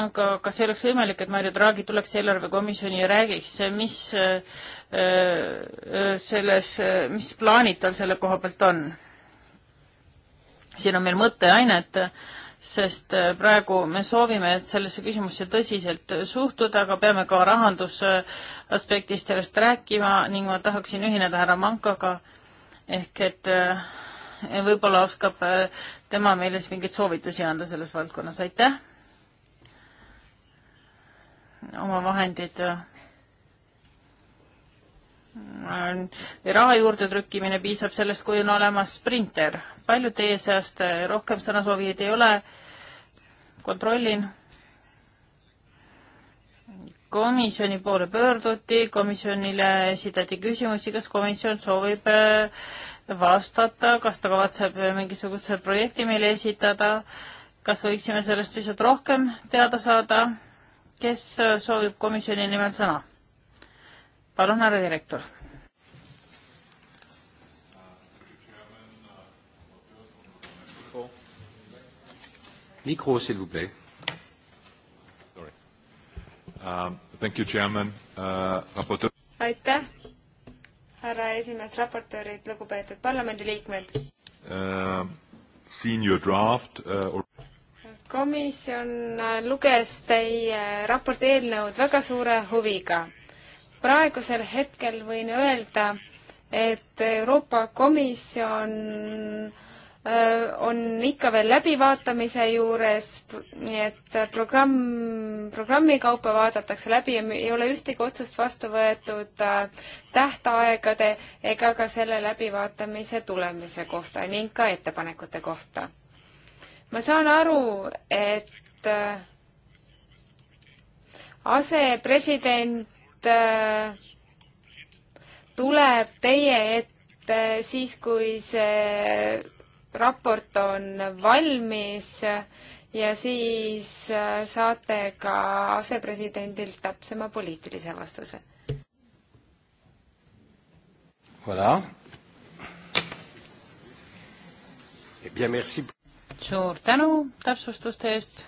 aga kas ei oleks võimalik, et Mario Draghi tuleks eelarvekomisjoni ja räägiks, mis öö, äh, äh, selles, mis plaanid tal selle koha pealt on? siin on meil mõtteainet, sest praegu me soovime, et sellesse küsimusse tõsiselt suhtuda, aga peame ka rahandusaspektist sellest rääkima ning ma tahaksin ühineda härra Mankaga, ehk et äh, võib-olla oskab äh, tema meile siis mingeid soovitusi anda selles valdkonnas, aitäh. oma vahendid äh, raha juurde trükkimine piisab sellest, kui on olemas printer. paljud teie seast äh, rohkem sõnasoovijaid ei ole. kontrollin. komisjoni poole pöörduti, komisjonile esitati küsimusi, kas komisjon soovib vastata, kas ta kavatseb mingisuguse projekti meile esitada, kas võiksime sellest pisut rohkem teada saada, kes soovib komisjoni nimel sõna? palun, härra direktor. mikro, s'il vous plaît. Sorry um,. Thank you, chairman uh,. aitäh härra esimees, raportöörid, lugupeetud parlamendiliikmed uh,. Senior draft uh, or komisjon äh, luges teie äh, raporti eelnõud väga suure huviga. praegusel hetkel võin öelda, et Euroopa Komisjon Äh, on ikka veel läbivaatamise juures, nii et programm, programmi kaupa vaadatakse läbi ja ei ole ühtegi otsust vastu võetud äh, tähtaegade ega ka selle läbivaatamise tulemise kohta ning ka ettepanekute kohta. ma saan aru, et äh, asepresident tuleb teie ette siis, kui see raport on valmis ja siis äh, saate ka asepresidendilt täpsema poliitilise vastuse. Voilà. Eh bien, merci. suur tänu täpsustuste eest.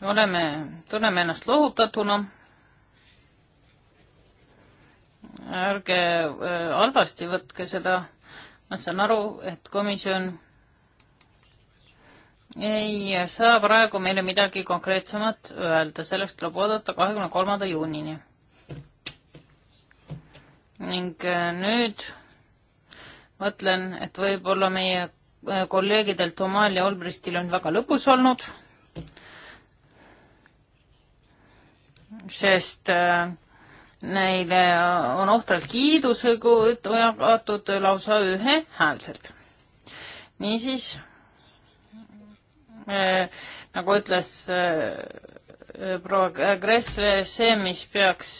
oleme, tunneme ennast lohutatuna ärge äh, halvasti võtke seda, ma saan aru, et komisjon ei saa praegu meile midagi konkreetsemat öelda, sellest tuleb oodata kahekümne kolmanda juunini. ning äh, nüüd mõtlen, et võib-olla meie äh, kolleegidel Tomal ja Olbristil on väga lõbus olnud, sest äh, Neile on ohtralt kiidusõgu jagatud lausa ühehäälselt. niisiis äh,, nagu ütles äh, proua Kressle, see, mis peaks,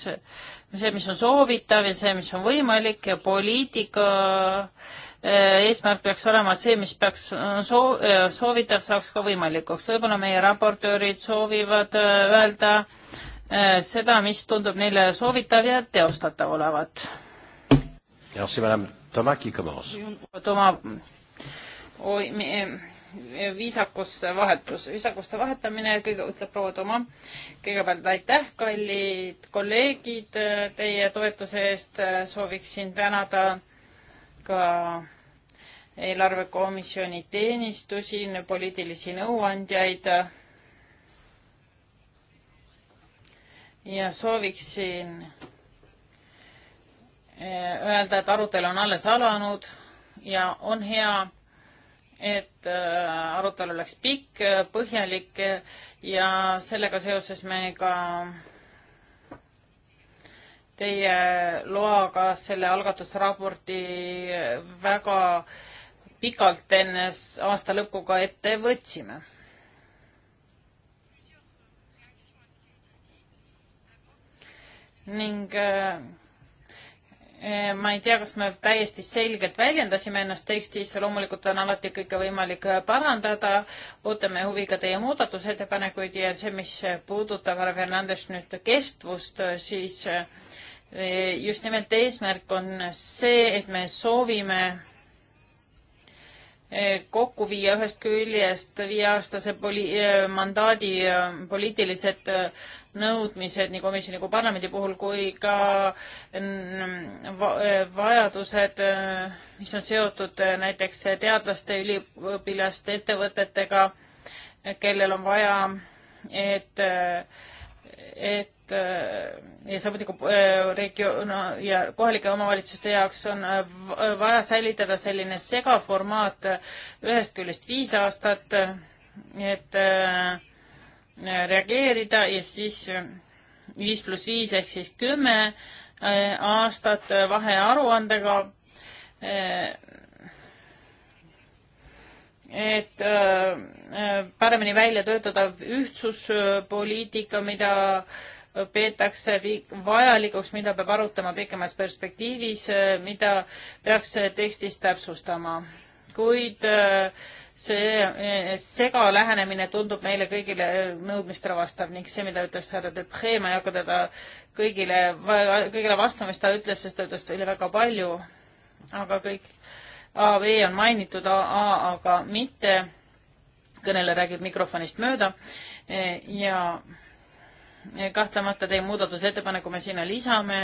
see, mis on soovitav ja see, mis on võimalik ja poliitika äh, eesmärk peaks olema, et see, mis peaks soov, soovitav, saaks ka võimalikuks. võib-olla meie raportöörid soovivad öelda äh, Äh, seda, mis tundub neile soovitav ja teostatav olevat. Toma, oi, eh, viisakuste vahetus, viisakuste vahetamine, kõige, ütleb proua Toma. kõigepealt aitäh, kallid kolleegid, teie toetuse eest sooviksin tänada ka eelarvekomisjoni teenistusi, poliitilisi nõuandjaid ja sooviksin eh, öelda, et arutelu on alles alanud ja on hea, et eh, arutelu oleks pikk, põhjalik ja sellega seoses me ka teie loaga selle algatusraporti väga pikalt enne aasta lõppu ka ette võtsime. ning äh, ma ei tea, kas me täiesti selgelt väljendasime ennast tekstis, loomulikult on alati kõike võimalik äh, parandada, ootame huviga teie muudatusettepanekuid ja see, mis puudutab, härra Fernandes, nüüd kestvust, äh, siis just nimelt eesmärk on see, et me soovime kokku viia ühest küljest viieaastase poli-, äh, mandaadi äh, poliitilised äh, nõudmised nii komisjoni kui parlamendi puhul kui ka vajadused, mis on seotud näiteks teadlaste, üliõpilaste, ettevõtetega, kellel on vaja, et äh, et äh, ja samuti ka äh, regioon ja kohalike omavalitsuste jaoks on äh, vaja säilitada selline segaformaat ühest küljest viis aastat, et reageerida ja siis viis pluss viis ehk siis kümme aastat vahearuandega et äh, äh, paremini välja töötada ühtsuspoliitika, mida peetakse vajalikuks, mida peab arutama pikemas perspektiivis, äh, mida peaks tekstis täpsustama. kuid see segalähenemine tundub meile kõigile nõudmistele vastav ning see, mida ütles härra Depree, ma ei hakka teda kõigile, kõigile vastama, mis ta ütles, sest ta ütles teile väga palju, aga kõik AV on mainitud, AA aga mitte. kõneleja räägib mikrofonist mööda e, ja e, kahtlemata teie muudatusettepaneku me sinna lisame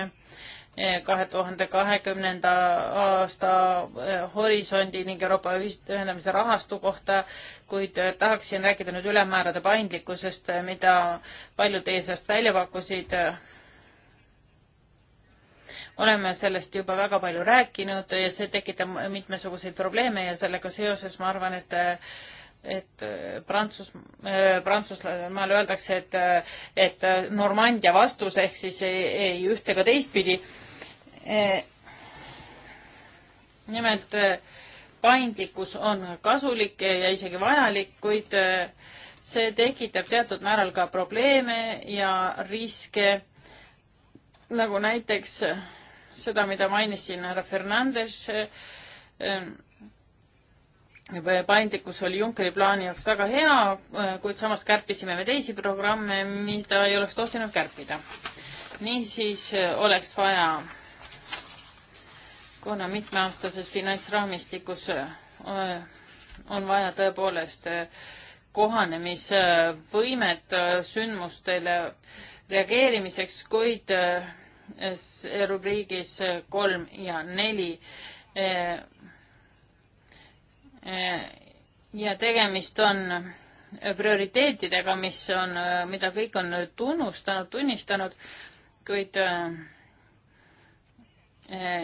e, kahe tuhande kahekümnenda aasta horisondi ning Euroopa ühendamise rahastu kohta, kuid tahaksin rääkida nüüd ülemäärade paindlikkusest, mida paljud teie seast välja pakkusid oleme sellest juba väga palju rääkinud ja see tekitab mitmesuguseid probleeme ja sellega seoses ma arvan, et et Prantsus, Prantsusmaal öeldakse, et, et Normandia vastus ehk siis ei, ei ühte ega teistpidi. nimelt paindlikkus on kasulik ja isegi vajalik, kuid see tekitab teatud määral ka probleeme ja riske nagu näiteks äh, seda, mida mainisin härra Fernandes, äh, äh, paindlikkus oli Junckeri plaani jaoks väga hea, kuid samas kärpisime me teisi programme, mida ei oleks tohtinud kärpida. niisiis oleks vaja, kuna mitmeaastases finantsraamistikus on vaja tõepoolest kohanemisvõimet sündmustele, reageerimiseks, kuid äh, rubriigis äh, kolm ja neli. Äh, ja tegemist on prioriteetidega, mis on, mida kõik on tunnustanud, tunnistanud, kuid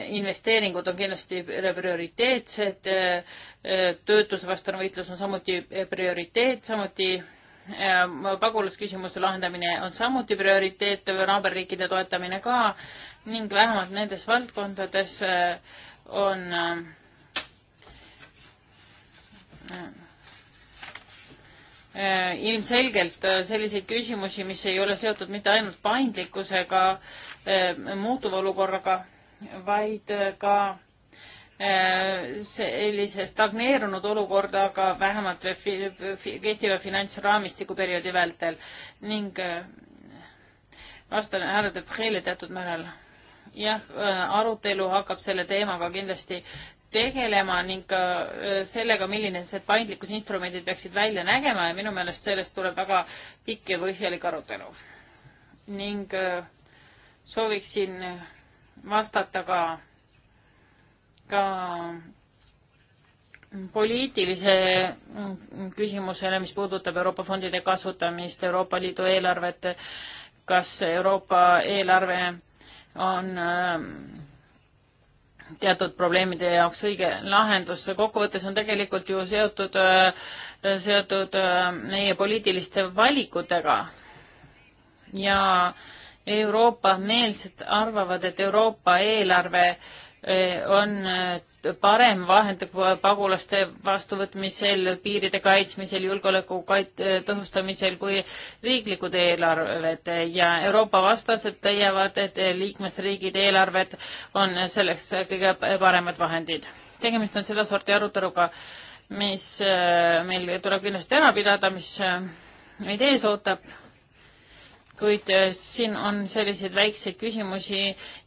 investeeringud on kindlasti prioriteetsed, töötuse vastane võitlus on samuti prioriteet, samuti pagulasküsimuse lahendamine on samuti prioriteet, naaberriikide toetamine ka ning vähemalt nendes valdkondades äh, on äh, äh, ilmselgelt selliseid küsimusi, mis ei ole seotud mitte ainult paindlikkusega, muutuva olukorraga, vaid ka Äh, sellise stagneerunud olukorda ka vähemalt kehtiva finantsraamistiku perioodi vältel ning äh, vastan härra Debrele teatud määral. jah, äh, arutelu hakkab selle teemaga kindlasti tegelema ning ka sellega, milline see paindlikkusinstrumendid peaksid välja nägema ja minu meelest sellest tuleb väga pikk ja põhjalik arutelu. ning sooviksin vastata ka ka poliitilise küsimusele, mis puudutab Euroopa fondide kasutamist, Euroopa Liidu eelarvet, kas Euroopa eelarve on ähm, teatud probleemide jaoks õige lahendus, kokkuvõttes on tegelikult ju seotud, äh, seotud äh, meie poliitiliste valikutega ja Euroopa meelsed arvavad, et Euroopa eelarve äh, Eh, on eh, parem vahend pagulaste vastuvõtmisel, piiride kaitsmisel, julgeoleku kait-, eh, tõhustamisel kui riiklikud eelarved ja Euroopa vastased leiavad, et liikmesriigid eelarved on selleks kõige paremad vahendid. tegemist on sedasorti aruteluga, mis meil tuleb kindlasti ära pidada, mis meid ees ootab kuid äh, siin on selliseid väikseid küsimusi,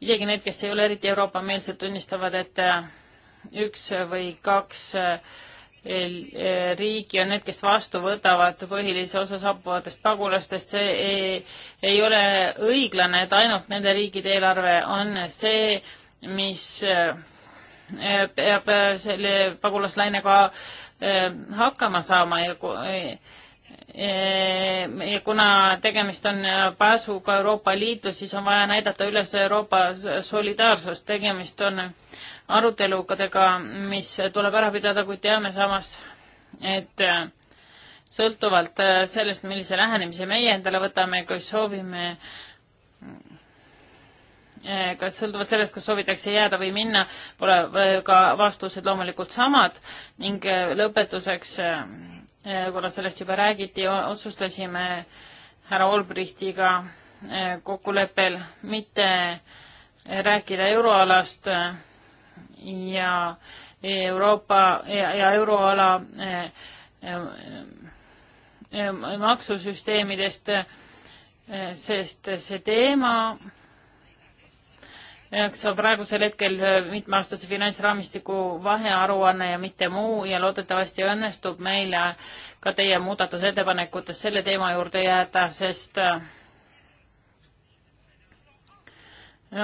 isegi need, kes ei ole eriti Euroopa-meelsed, tunnistavad, et äh, üks või kaks äh, riigi on need, kes vastu võtavad põhilise osa saabuvatest pagulastest, see ei, ei ole õiglane, et ainult nende riikide eelarve on see, mis peab selle pagulaslainega hakkama saama ja ja kuna tegemist on äh, pääsuga Euroopa Liitu, siis on vaja näidata üles Euroopa solidaarsust, tegemist on aruteludega, mis tuleb ära pidada, kuid teame samas, et äh, sõltuvalt äh, sellest, millise lähenemise meie endale võtame, kas soovime, kas sõltuvalt sellest, kas soovitakse jääda või minna, pole ka vastused loomulikult samad ning lõpetuseks Äh, kuna sellest juba räägiti, otsustasime härra Olbrichtiga äh, kokkuleppel mitte rääkida euroalast äh, ja Euroopa ja, ja euroala maksusüsteemidest, sest see teema milleks on praegusel hetkel äh, mitmeaastase finantsraamistiku vahearuanne ja mitte muu ja loodetavasti õnnestub meile ka teie muudatusettepanekutes selle teema juurde jääda, sest äh,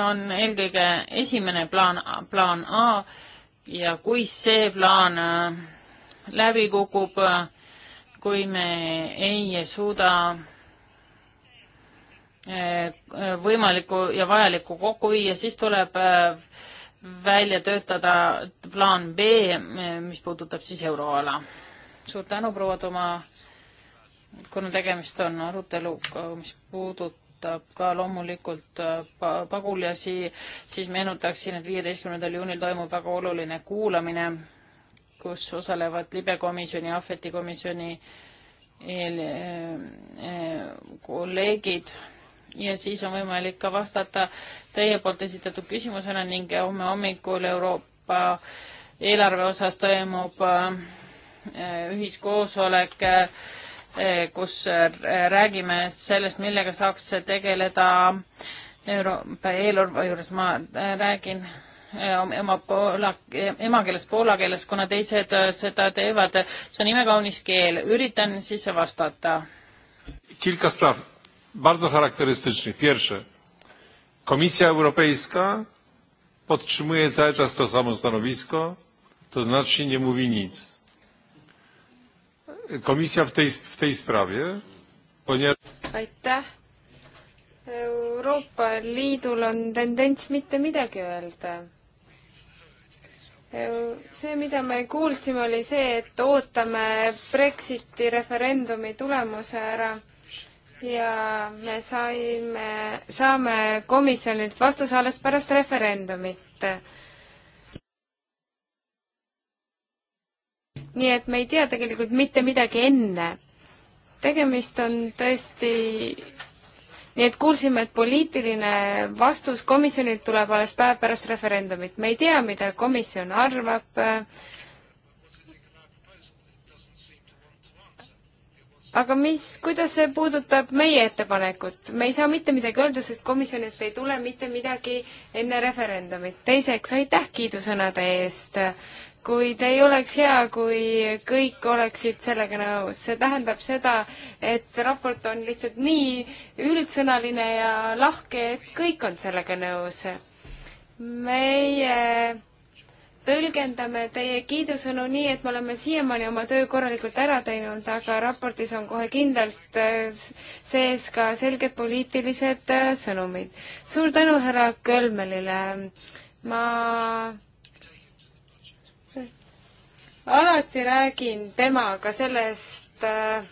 on eelkõige esimene plaan, plaan A ja kui see plaan äh, läbi kukub, kui me ei suuda Eh, võimaliku ja vajaliku kokku viia, siis tuleb eh, välja töötada plaan B, eh, mis puudutab siis euroala. suur tänu, proua Toma, kuna tegemist on aruteluga, mis puudutab ka loomulikult pagulasi, siis meenutaksin, et viieteistkümnendal juunil toimub väga oluline kuulamine, kus osalevad libekomisjoni, ahvetikomisjoni kolleegid ja siis on võimalik ka vastata teie poolt esitatud küsimusele ning homme hommikul Euroopa eelarve osas toimub äh, ühiskoosolek, äh, kus äh, räägime sellest, millega saaks tegeleda Euroopa eelarve juures, ma räägin oma poola, emakeeles poola keeles, kuna teised seda teevad. see on imekaunis keel, üritan siis vastata bardzo charakterystycznych. Pierwsze, Komisja Europejska podtrzymuje cały czas to samo stanowisko, to znaczy nie mówi nic. Komisja w tej, w tej sprawie, ponieważ... Aitäh. Euroopa Liidul on tendents mitte midagi öelda. see, mida me kuulsime, oli see, et ootame Brexiti referendumi tulemuse ära ja me saime, saame komisjonilt vastuse alles pärast referendumit. nii et me ei tea tegelikult mitte midagi enne. tegemist on tõesti nii et kuulsime, et poliitiline vastus komisjonilt tuleb alles päev pärast referendumit. me ei tea, mida komisjon arvab äh, aga mis, kuidas see puudutab meie ettepanekut? me ei saa mitte midagi öelda, sest komisjonilt ei tule mitte midagi enne referendumit. teiseks, aitäh kiidusõnade eest, kuid ei oleks hea, kui kõik oleksid sellega nõus. see tähendab seda, et raport on lihtsalt nii üldsõnaline ja lahke, et kõik on sellega nõus. meie tõlgendame teie kiidusõnu nii, et me oleme siiamaani oma töö korralikult ära teinud, aga raportis on kohe kindlalt äh, sees ka selged poliitilised äh, sõnumid. suur tänu härra Kölmelile. ma alati räägin temaga sellest äh,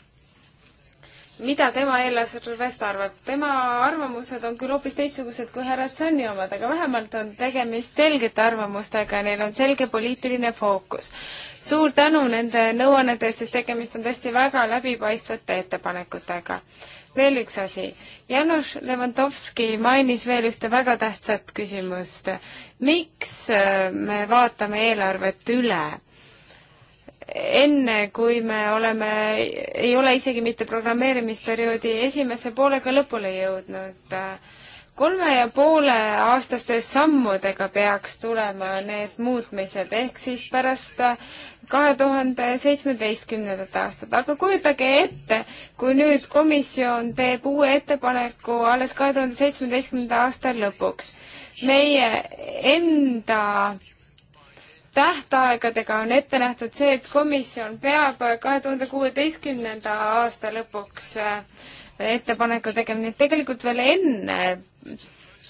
mida tema eelarvest arvab. tema arvamused on küll hoopis teistsugused kui härra Tsanni omad, aga vähemalt on tegemist selgete arvamustega ja neil on selge poliitiline fookus. suur tänu nende nõuannete eest, sest tegemist on tõesti väga läbipaistvate ettepanekutega. veel üks asi. Janus Levanovski mainis veel ühte väga tähtsat küsimust. miks äh, me vaatame eelarvet üle? enne, kui me oleme, ei ole isegi mitte programmeerimisperioodi esimese poolega lõpule jõudnud. kolme ja poole aastaste sammudega peaks tulema need muutmised, ehk siis pärast kahe tuhande seitsmeteistkümnendat aastat, aga kujutage ette, kui nüüd komisjon teeb uue ettepaneku alles kahe tuhande seitsmeteistkümnenda aasta lõpuks. meie enda äh, tähtaegadega on ette nähtud see, et komisjon peab kahe tuhande kuueteistkümnenda aasta lõpuks äh, ettepaneku tegema, nii et tegelikult veel enne,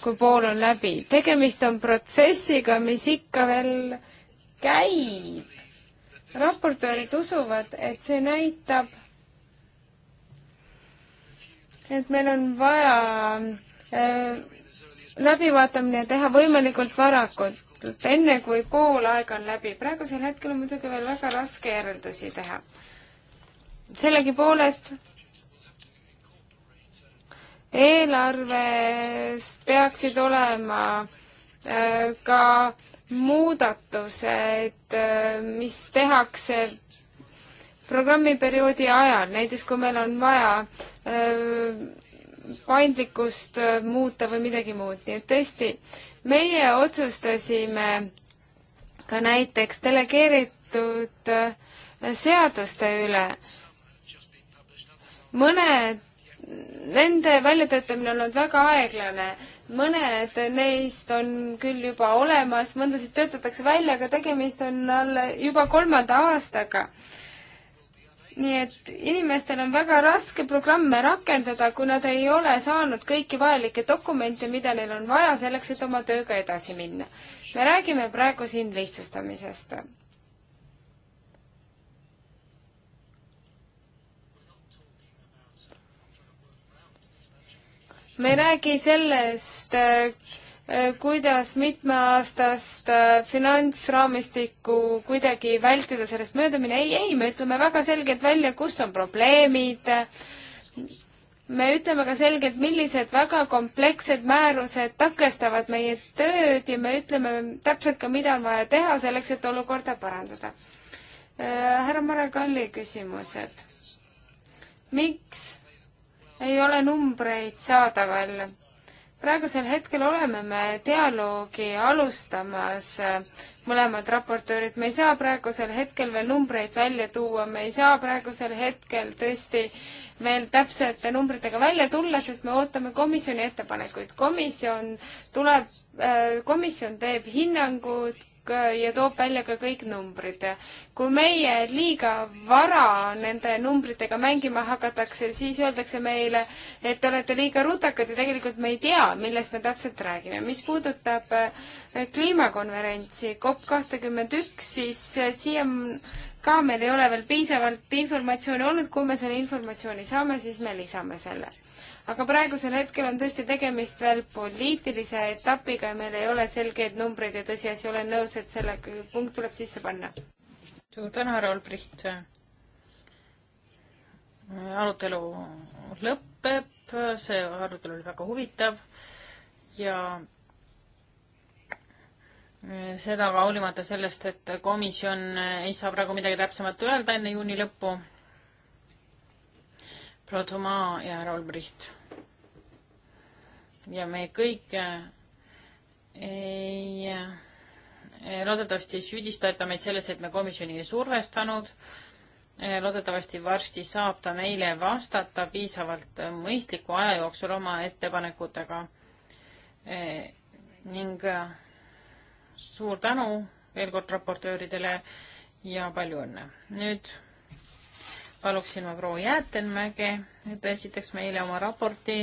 kui pool on läbi. tegemist on protsessiga, mis ikka veel käib. raportöörid usuvad, et see näitab, et meil on vaja äh, läbivaatamine teha võimalikult varakult tehtud enne, kui pool aega on läbi. praegusel hetkel on muidugi veel väga raske järeldusi teha. sellegipoolest eelarves peaksid olema äh, ka muudatused, äh, mis tehakse programmiperioodi ajal, näiteks kui meil on vaja äh, paindlikkust muuta või midagi muud, nii et tõesti, meie otsustasime ka näiteks delegeeritud äh, seaduste üle. mõned, nende väljatöötamine on olnud väga aeglane, mõned neist on küll juba olemas, mõndasid töötatakse välja, aga tegemist on alla juba kolmanda aastaga nii et inimestel on väga raske programme rakendada, kui nad ei ole saanud kõiki vajalikke dokumente, mida neil on vaja selleks, et oma tööga edasi minna. me räägime praegu siin lihtsustamisest. me ei räägi sellest, Äh, kuidas mitmeaastast äh, finantsraamistikku kuidagi vältida sellest möödumine, ei, ei, me ütleme väga selgelt välja, kus on probleemid, me ütleme ka selgelt, millised väga komplekssed määrused takestavad meie tööd ja me ütleme täpselt ka, mida on vaja teha selleks, et olukorda parandada. Äh, härra Mare Kalli küsimused. miks ei ole numbreid saadaval? praegusel hetkel oleme me dialoogi alustamas, äh, mõlemad raportöörid, me ei saa praegusel hetkel veel numbreid välja tuua, me ei saa praegusel hetkel tõesti veel täpsete numbritega välja tulla, sest me ootame komisjoni ettepanekuid. komisjon tuleb, äh, komisjon teeb hinnangud Äh, ja toob välja ka kõik numbrid. kui meie liiga vara nende numbritega mängima hakatakse, siis öeldakse meile, et te olete liiga rutakad ja tegelikult me ei tea, millest me täpselt räägime. mis puudutab äh, kliimakonverentsi COP kahtekümmend üks, siis äh, siia ka meil ei ole veel piisavalt informatsiooni olnud, kui me selle informatsiooni saame, siis me lisame selle. aga praegusel hetkel on tõesti tegemist veel poliitilise etapiga ja meil ei ole selgeid numbreid ja tõsiasi, olen nõus, et selle punkt tuleb sisse panna. suur tänu, härra Olbricht. arutelu lõpeb, see arutelu oli väga huvitav ja seda ka hoolimata sellest, et komisjon ei saa praegu midagi täpsemat öelda enne juuni lõppu. Protomaa ja härra Olbricht. ja me kõik ei, loodetavasti ei süüdistata meid selles, et me komisjoni ei survestanud. loodetavasti varsti saab ta meile vastata piisavalt mõistliku aja jooksul oma ettepanekutega ning suur tänu veel kord raportööridele ja palju õnne. nüüd paluksin ma proua Jäätenmäge, et ta esitaks meile oma raporti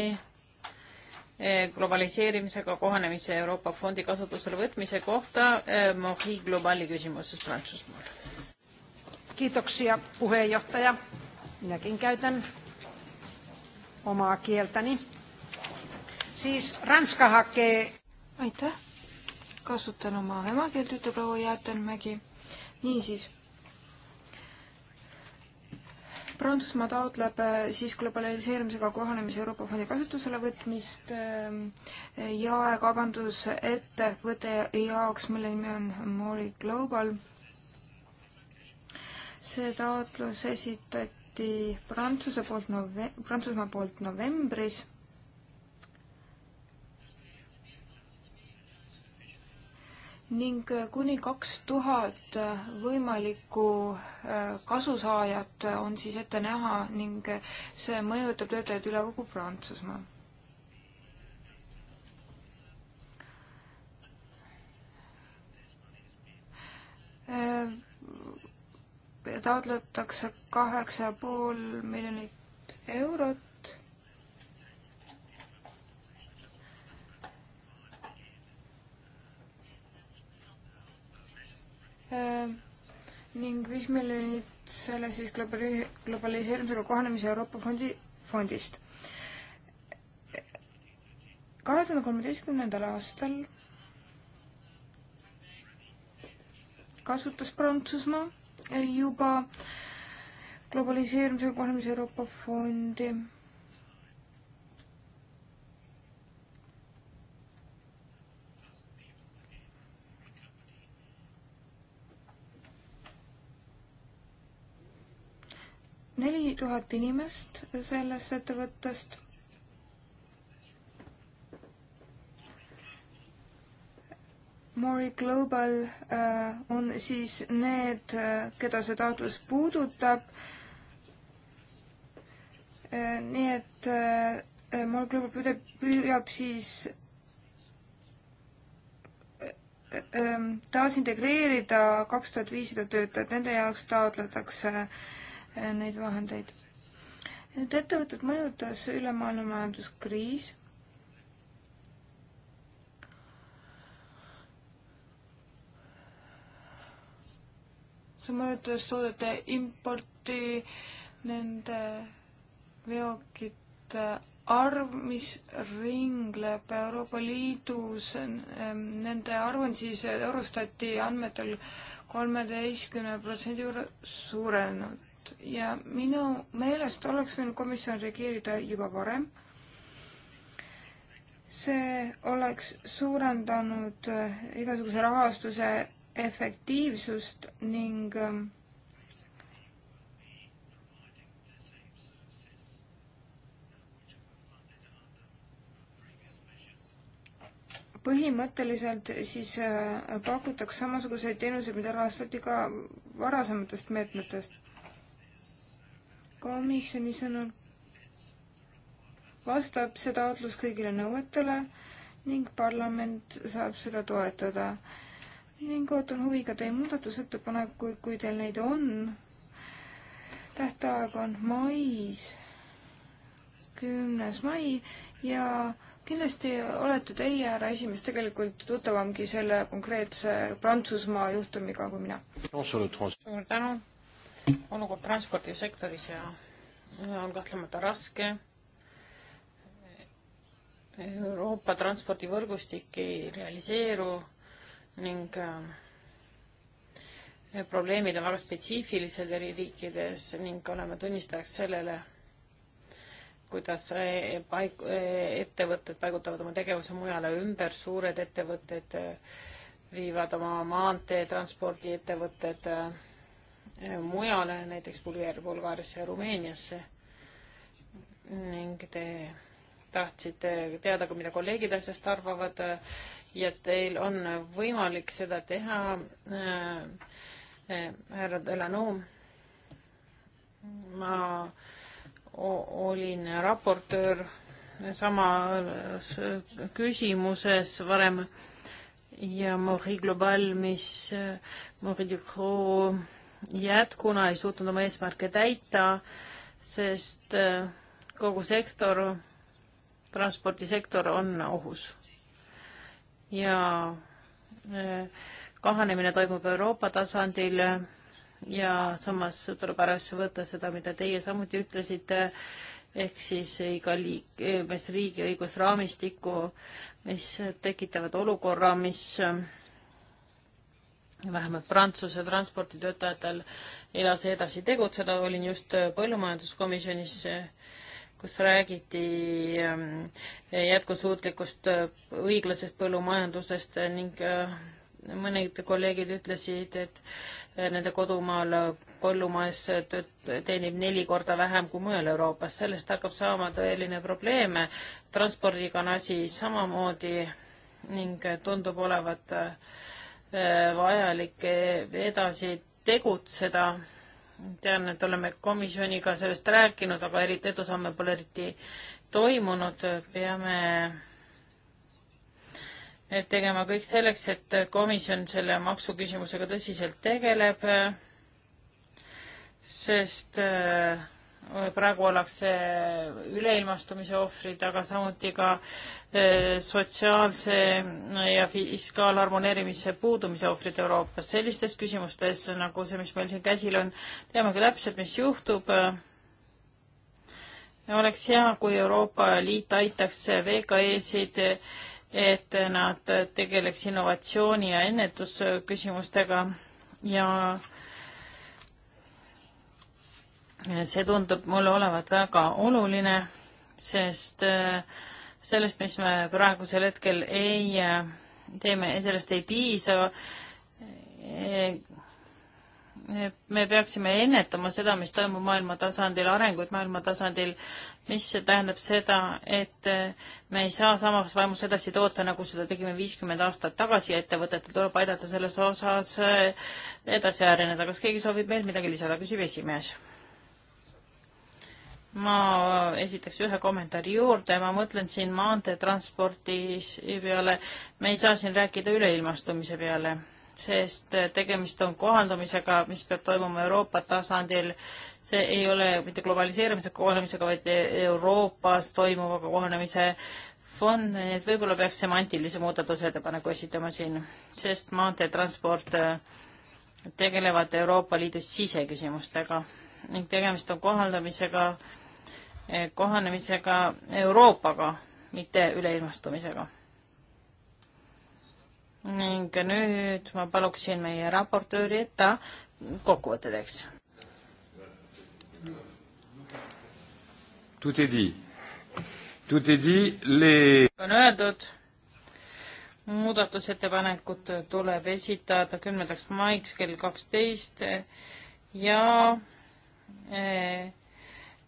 eh, globaliseerimisega kohanemise Euroopa Fondi kasutusele võtmise kohta eh, Mohi globaali küsimuses Prantsusmaal. Kiitoksia puheenjohtaja. Minäkin käytän omaa kieltäni. Siis Ranska hakee... Aitäh kasutan oma emakeelt, ütleb proua Jäätenmägi. niisiis. Prantsusmaa taotleb eh, siis globaliseerimisega kohanemise Euroopa Fondi kasutusele võtmist eh, jaekaubandusettevõtte jaoks, mille nimi on Mori Global. see taotlus esitati Prantsuse poolt nove-, Prantsusmaa poolt novembris ning äh, kuni kaks tuhat äh, võimalikku äh, kasusaajat on siis ette näha ning see mõjutab töötajaid üle kogu Prantsusmaa. taotletakse kaheksa ja pool miljonit eurot ning viis miljonit selle siis globali-, globaliseerimisega kohanemise Euroopa fondi, fondist. kahe tuhande kolmeteistkümnendal aastal kasutas Prantsusmaa juba globaliseerimisega kohanemise Euroopa fondi neli tuhat inimest sellest ettevõttest. Mori Global äh, on siis need, äh, keda see taotlus puudutab äh,. nii et äh, Mori Global püüab, püüab siis äh, äh, taasintegreerida kaks tuhat viissada töötajat, nende jaoks taotletakse äh, Eh, neid vahendeid. et ettevõtet mõjutas ülemaailmne majanduskriis. see mõjutas toodete importi, nende veokite arv, mis ringleb Euroopa Liidus, nende arv on siis Eurostati andmetel kolmeteistkümne protsendi juures suurenenud poolt ja minu meelest oleks võinud komisjon reageerida juba varem. see oleks suurendanud äh, igasuguse rahastuse efektiivsust ning ähm, põhimõtteliselt siis äh, pakutakse samasuguseid teenuseid, mida rahastati ka varasematest meetmetest komisjoni sõnul vastab see taotlus kõigile nõuetele ning parlament saab seda toetada. ning ootan huviga teie muudatusettepanekuid, kui teil neid on. tähtaeg on mais, kümnes mai ja kindlasti olete teie, härra esimees, tegelikult tuttavamgi selle konkreetse Prantsusmaa juhtumiga kui mina. suur tänu olukord transpordisektoris ja on kahtlemata raske. Euroopa transpordivõrgustik ei realiseeru ning äh, probleemid on väga spetsiifilised eri riikides ning oleme tunnistajaks sellele, kuidas äh, paik-, äh, ettevõtted paigutavad oma tegevuse mujale ümber, suured ettevõtted viivad oma maanteetranspordiettevõtted äh, mujale, näiteks Bulgaar-, Bulgaariasse ja Rumeeniasse. ning te tahtsite teada ka, mida kolleegid asjast arvavad ja teil on võimalik seda teha äh, äh, härra Delano. ma olin raportöör samas küsimuses varem ja Marie Global, mis äh, Marie Ducrot jätkuna ei suutnud oma eesmärke täita, sest äh, kogu sektor, transpordisektor on ohus. ja äh, kahanemine toimub Euroopa tasandil ja samas tuleb arvesse võtta seda, mida teie samuti ütlesite, ehk siis iga liik-, riigi õigusraamistikku, mis tekitavad olukorra, mis äh, vähemalt Prantsuse transporditöötajatel edasi, edasi tegutseda. olin just põllumajanduskomisjonis, kus räägiti ähm, jätkusuutlikust äh, õiglasest põllumajandusest ning äh, mõned kolleegid ütlesid, et äh, nende kodumaal põllumajas teenib neli korda vähem kui mujal Euroopas. sellest hakkab saama tõeline probleem. transpordiga on asi samamoodi ning tundub olevat äh, Äh, vajalik edasi tegutseda. tean, et oleme komisjoniga sellest rääkinud, aga eriti edusamme pole eriti toimunud, peame et äh, tegema kõik selleks, et komisjon selle maksuküsimusega tõsiselt tegeleb, äh, sest äh, praegu ollakse üleilmastumise ohvrid, aga samuti ka eh, sotsiaalse ja fiskaalharmoneerimise puudumise ohvrid Euroopas. sellistes küsimustes nagu see, mis meil siin käsil on, teame ka täpselt, mis juhtub. oleks hea, kui Euroopa Liit aitaks VKE-sid, et nad tegeleks innovatsiooni ja ennetusküsimustega ja see tundub mulle olevat väga oluline, sest äh, sellest, mis me praegusel hetkel ei äh, teeme, sellest ei piisa. Äh, me peaksime ennetama seda, mis toimub maailma tasandil, arenguid maailma tasandil, mis tähendab seda, et me ei saa samas vaimus edasi toota, nagu seda tegime viiskümmend aastat tagasi ja ettevõtetel tuleb aidata selles osas edasi areneda. kas keegi soovib veel midagi lisada, küsib esimees ma esitaks ühe kommentaari juurde, ma mõtlen siin maanteetransporti peale, me ei saa siin rääkida üleilmastumise peale, sest tegemist on kohandumisega, mis peab toimuma Euroopa tasandil, see ei ole mitte globaliseerimise kohanemisega, vaid Euroopas toimuvaga kohanemise fond, nii et võib-olla peaks semantilise muudatusettepaneku esitama siin, sest maanteetransport tegelevad Euroopa Liidu siseküsimustega ning tegemist on kohaldamisega, kohanemisega Euroopaga, mitte üleilmastumisega. ning nüüd ma paluksin meie raportööri, et ta kokkuvõtte teeks. Tout est dit. Tout est dit, les... on öeldud, muudatusettepanekud tuleb esitada kümnendaks maiks kell kaksteist ja eh,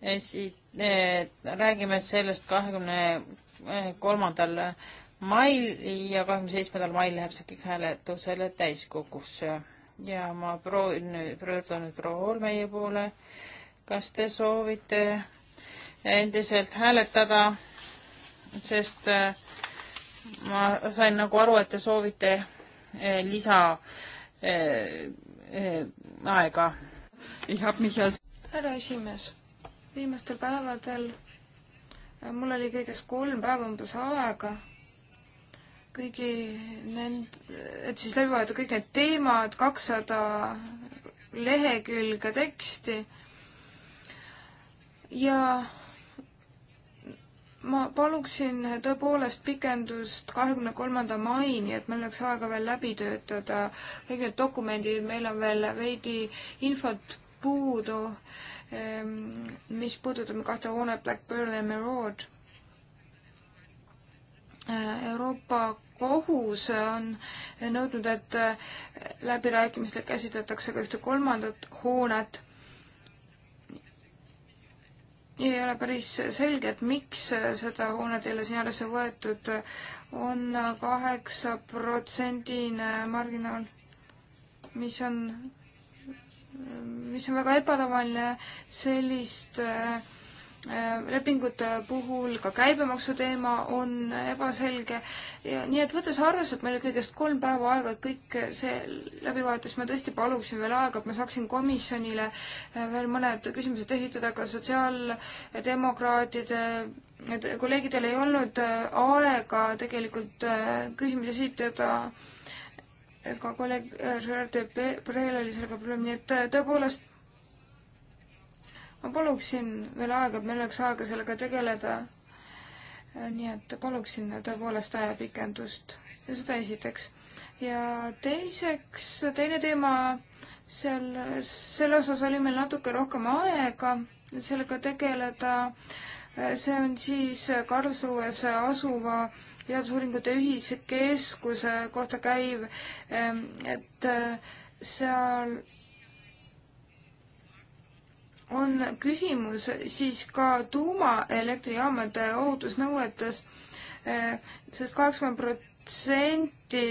esit-, Eh, räägime sellest kahekümne eh, kolmandal mail ja kahekümne seitsmendal mail läheb see kõik hääletusele täiskogusse. ja ma proovin nüüd, pöördun nüüd proua Holmeie poole. kas te soovite endiselt hääletada, sest eh, ma sain nagu aru, et te soovite lisa äh, äh, aega. härra esimees viimastel päevadel mul oli kõigest kolm päeva umbes aega kõigi nend-, et siis läbi vaadata kõik need teemad, kakssada lehekülge teksti. ja ma paluksin tõepoolest pikendust kahekümne kolmanda maini, et meil oleks aega veel läbi töötada kõik need dokumendid, meil on veel veidi infot puudu äh, Ehm, mis puudutab kahte hoonet Blackburn ja Merod. Eh, Euroopa kohus on nõudnud, et eh, läbirääkimistel käsitletakse ka ühte kolmandat hoonet. ei ole päris selge, et miks seda hoonet ei ole siin arvesse võetud on. on kaheksa protsendine marginaal, mis on mis on väga ebatavaline sellist äh, lepingute puhul ka käibemaksu teema on ebaselge ja nii et võttes arvesse, et meil oli kõigest kolm päeva aega, et kõik see läbi vaadates ma tõesti paluksin veel aega, et ma saaksin komisjonile äh, veel mõned küsimused esitada, aga sotsiaaldemokraatide kolleegidel ei olnud äh, aega tegelikult küsimusi esitada ka kolleeg äh, Gerard Debrel oli sellega probleem, nii et äh, tõepoolest ma paluksin veel aega, et meil oleks aega sellega tegeleda. Äh, nii et paluksin tõepoolest ajapikendust ja seda esiteks. ja teiseks, teine teema, seal, selle osas oli meil natuke rohkem aega sellega tegeleda. see on siis Karlsruhes asuva teadusuuringute ühiskeskuse kohta käiv, et äh, seal on küsimus siis ka tuumaelektrijaamade ohutusnõuetes sest, äh, sest kaheksakümmend protsenti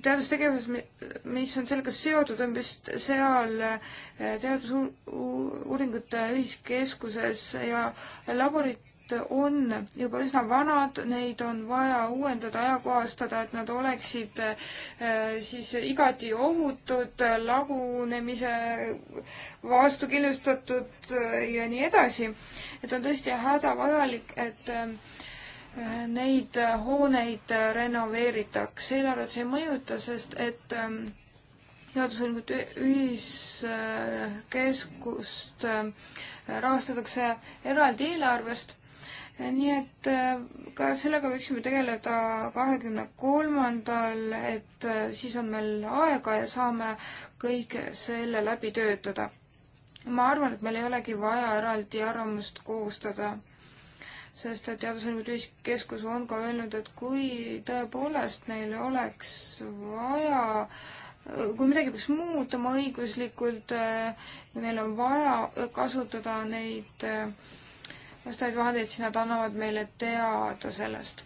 teadustegevusest, mis on sellega seotud, on just seal äh, teadusuuringute ühiskeskuses ja laborit-, määrused on juba üsna vanad, neid on vaja uuendada, ajakohastada, et nad oleksid äh, siis igati ohutud, lagunemise vastu kindlustatud äh, ja nii edasi. et on tõesti hädavajalik, et äh, neid hooneid renoveeritaks. eelarvet see ei mõjuta, sest et ähm, teadusuuringute ühiskeskust rahastatakse eraldi eelarvest nii et äh, ka sellega võiksime tegeleda kahekümne kolmandal, et äh, siis on meil aega ja saame kõik selle läbi töötada. ma arvan, et meil ei olegi vaja eraldi arvamust koostada, sest et Teadusuuringute Ühiskeskus on ka öelnud, et kui tõepoolest neil oleks vaja kui midagi peaks muutuma õiguslikult, äh, neil on vaja kasutada neid äh, vastavaid vahendeid, siis nad annavad meile teada sellest.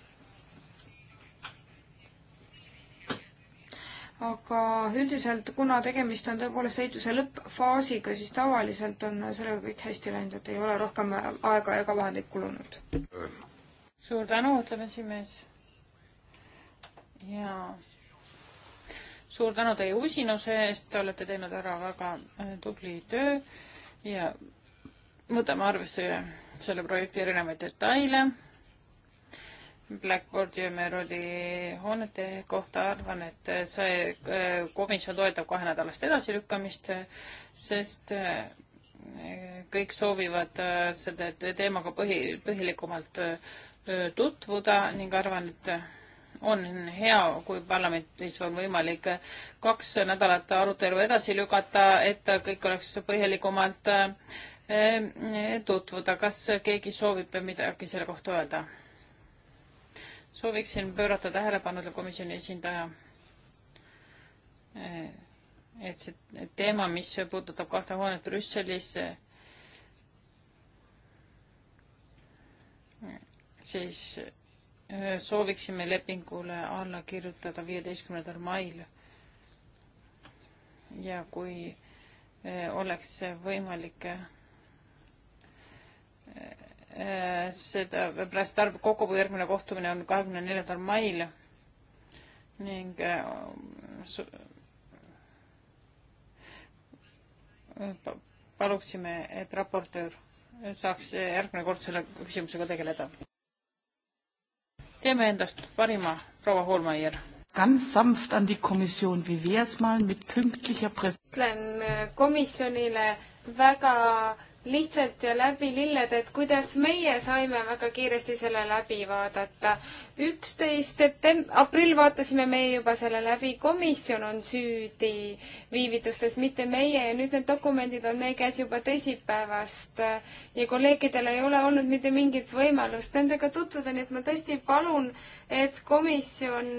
aga üldiselt, kuna tegemist on tõepoolest ehituse lõppfaasiga, siis tavaliselt on sellega kõik hästi läinud, et ei ole rohkem aega ega vahendeid kulunud. suur tänu, ütleb esimees. jaa suur tänu teie usinuse eest, te olete teinud ära väga äh, tubli töö ja võtame arvesse selle projekti erinevaid detaile. Blackboardi ja Meroli hoonete kohta arvan, et see äh, komisjon toetab kahenädalast edasilükkamist, sest äh, kõik soovivad äh, selle teemaga põhi, põhilikumalt tutvuda ning arvan, et on hea, kui parlamendis on võimalik kaks nädalat arutelu edasi lükata, et kõik oleks põhjalikumalt äh, Eh, tutvuda, kas keegi soovib midagi selle kohta öelda? sooviksin pöörata tähelepanu komisjoni esindaja, eh, et see teema, mis puudutab kahte hoonet Brüsselis, eh, siis sooviksime lepingule alla kirjutada viieteistkümnendal mail. ja kui oleks võimalik Äh, seda pärast tarb-, kokkupuude järgmine kohtumine on kahekümne neljandal mail ning äh, paluksime, et raportöör saaks järgmine kord selle küsimusega tegeleda. teeme endast parima, proua Hoolmeier ganz sanft an die Kommission, wie wäre es mal mit pünktlicher Präsentation? Äh, komisjonile väga lihtsalt ja läbi lilled, et kuidas meie saime väga kiiresti selle läbi vaadata. üksteist septemb-, aprill vaatasime meie juba selle läbi, komisjon on süüdi viivitustes, mitte meie ja nüüd need dokumendid on meie käes juba teisipäevast ja kolleegidel ei ole olnud mitte mingit võimalust nendega tutvuda, nii et ma tõesti palun, et komisjon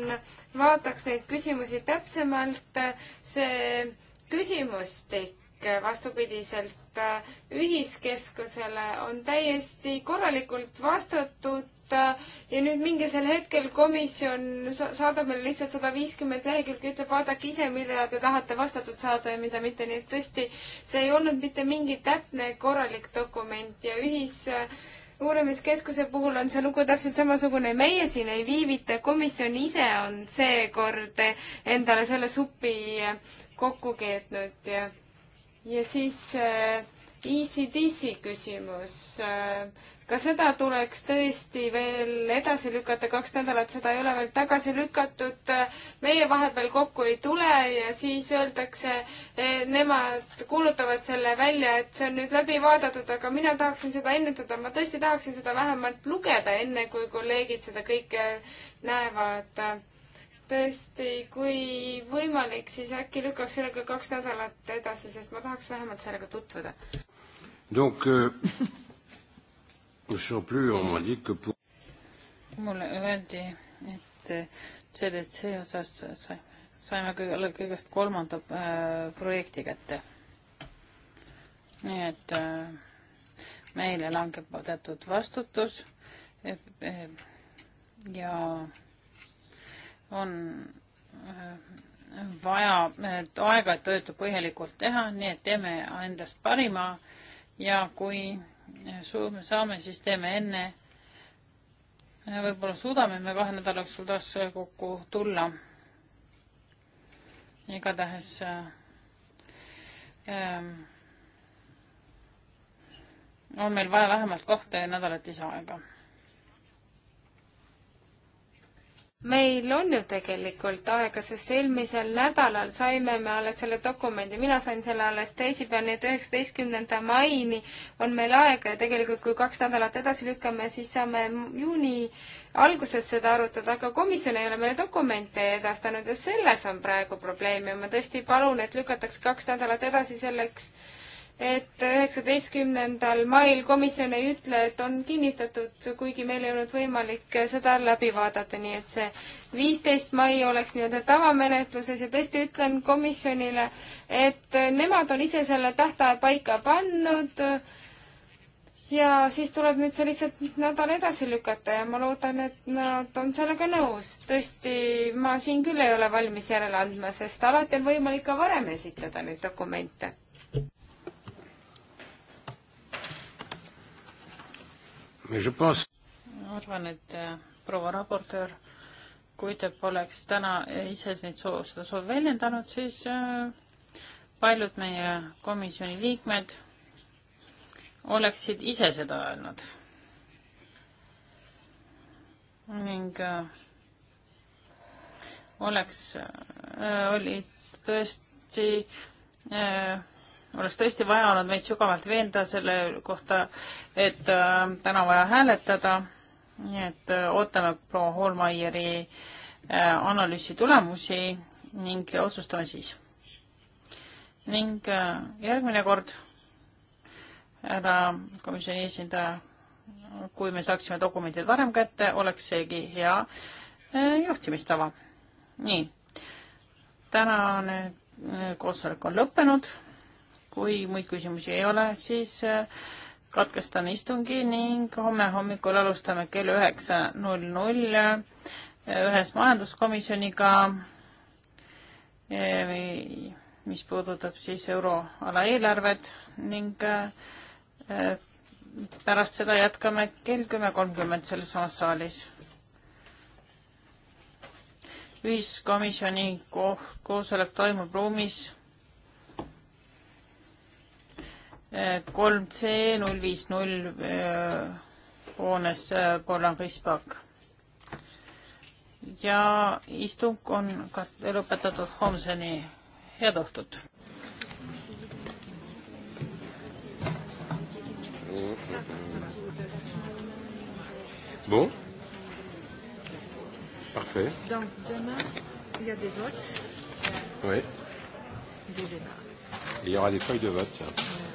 vaataks neid küsimusi täpsemalt, see küsimustik vastupidiselt äh, ühiskeskusele on täiesti korralikult vastatud äh, ja nüüd mingisel hetkel komisjon saadab meile lihtsalt sada viiskümmend lehekülge, ütleb, vaadake ise, millele te tahate vastatud saada ja mida mitte, nii et tõesti, see ei olnud mitte mingi täpne korralik dokument ja ühis äh, uurimiskeskuse puhul on see lugu täpselt samasugune, meie siin ei viivita, komisjon ise on seekord endale selle supi kokku keetnud ja ja siis äh, ECDC küsimus. Äh, ka seda tuleks tõesti veel edasi lükata, kaks nädalat seda ei ole veel tagasi lükatud. meie vahepeal kokku ei tule ja siis öeldakse, äh, nemad kuulutavad selle välja, et see on nüüd läbi vaadatud, aga mina tahaksin seda ennetada, ma tõesti tahaksin seda vähemalt lugeda, enne kui kolleegid seda kõike näevad tõesti, kui võimalik, siis äkki lükkaks sellega kaks nädalat edasi, sest ma tahaks vähemalt sellega tutvuda. Euh, mulle öeldi, et CDC euh, osas sai, saime kõige, kõigest kolmanda äh, projekti kätte. nii et äh, meile langeb teatud vastutus äh, ja, ja on äh, vaja aega, et tööd põhjalikult teha, nii et teeme endast parima ja kui saame, siis teeme enne. võib-olla suudame me kahe nädala jooksul taas kokku tulla. igatahes äh, ähm, on meil vaja vähemalt kahte nädalat lisaaega meil on ju tegelikult aega, sest eelmisel nädalal saime me alles selle dokumendi, mina sain selle alles teisipäeval, nii et üheksateistkümnenda maini on meil aega ja tegelikult, kui kaks nädalat edasi lükkame, siis saame juuni alguses seda arutada, aga komisjon ei ole meile dokumente edastanud ja selles on praegu probleem ja ma tõesti palun, et lükataks kaks nädalat edasi selleks, et üheksateistkümnendal mail komisjon ei ütle, et on kinnitatud, kuigi meil ei olnud võimalik seda läbi vaadata, nii et see viisteist mai oleks nii-öelda tavamenetluses ja tõesti ütlen komisjonile, et nemad on ise selle tähtaja paika pannud ja siis tuleb nüüd see lihtsalt nädal edasi lükata ja ma loodan, et nad on sellega nõus. tõesti, ma siin küll ei ole valmis järele andma, sest alati on võimalik ka varem esitada neid dokumente ma arvan, et äh, proua raportöör, kui ta poleks täna ise neid soov, seda soovi väljendanud, siis äh, paljud meie komisjoni liikmed oleksid ise seda öelnud. ning äh, oleks, oli tõesti oleks tõesti vaja olnud meid sügavalt veenda selle kohta, et äh, täna vaja hääletada. nii et äh, ootame proua Holmeieri äh, analüüsi tulemusi ning otsustame siis. ning äh, järgmine kord härra komisjoni esindaja, kui me saaksime dokumendid varem kätte, oleks seegi hea äh, juhtimistava. nii, tänane äh, koosolek on lõppenud kui muid küsimusi ei ole, siis äh, katkestan istungi ning homme hommikul alustame kell üheksa null null äh, ühes majanduskomisjoniga, äh, mis puudutab siis euroala eelarvet ning pärast seda jätkame kell kümme kolmkümmend sellesamas saalis. ühiskomisjoni ko koosolek toimub ruumis kolm C null viis null äh, hoones Poolan-Kris äh, Pakk. ja istung on ka lõpetatud homseni. head õhtut! Bon. Parfait. Donc demain, il y a des votes. Oui. Des débats. Et il y aura des feuilles de vote. Tiens.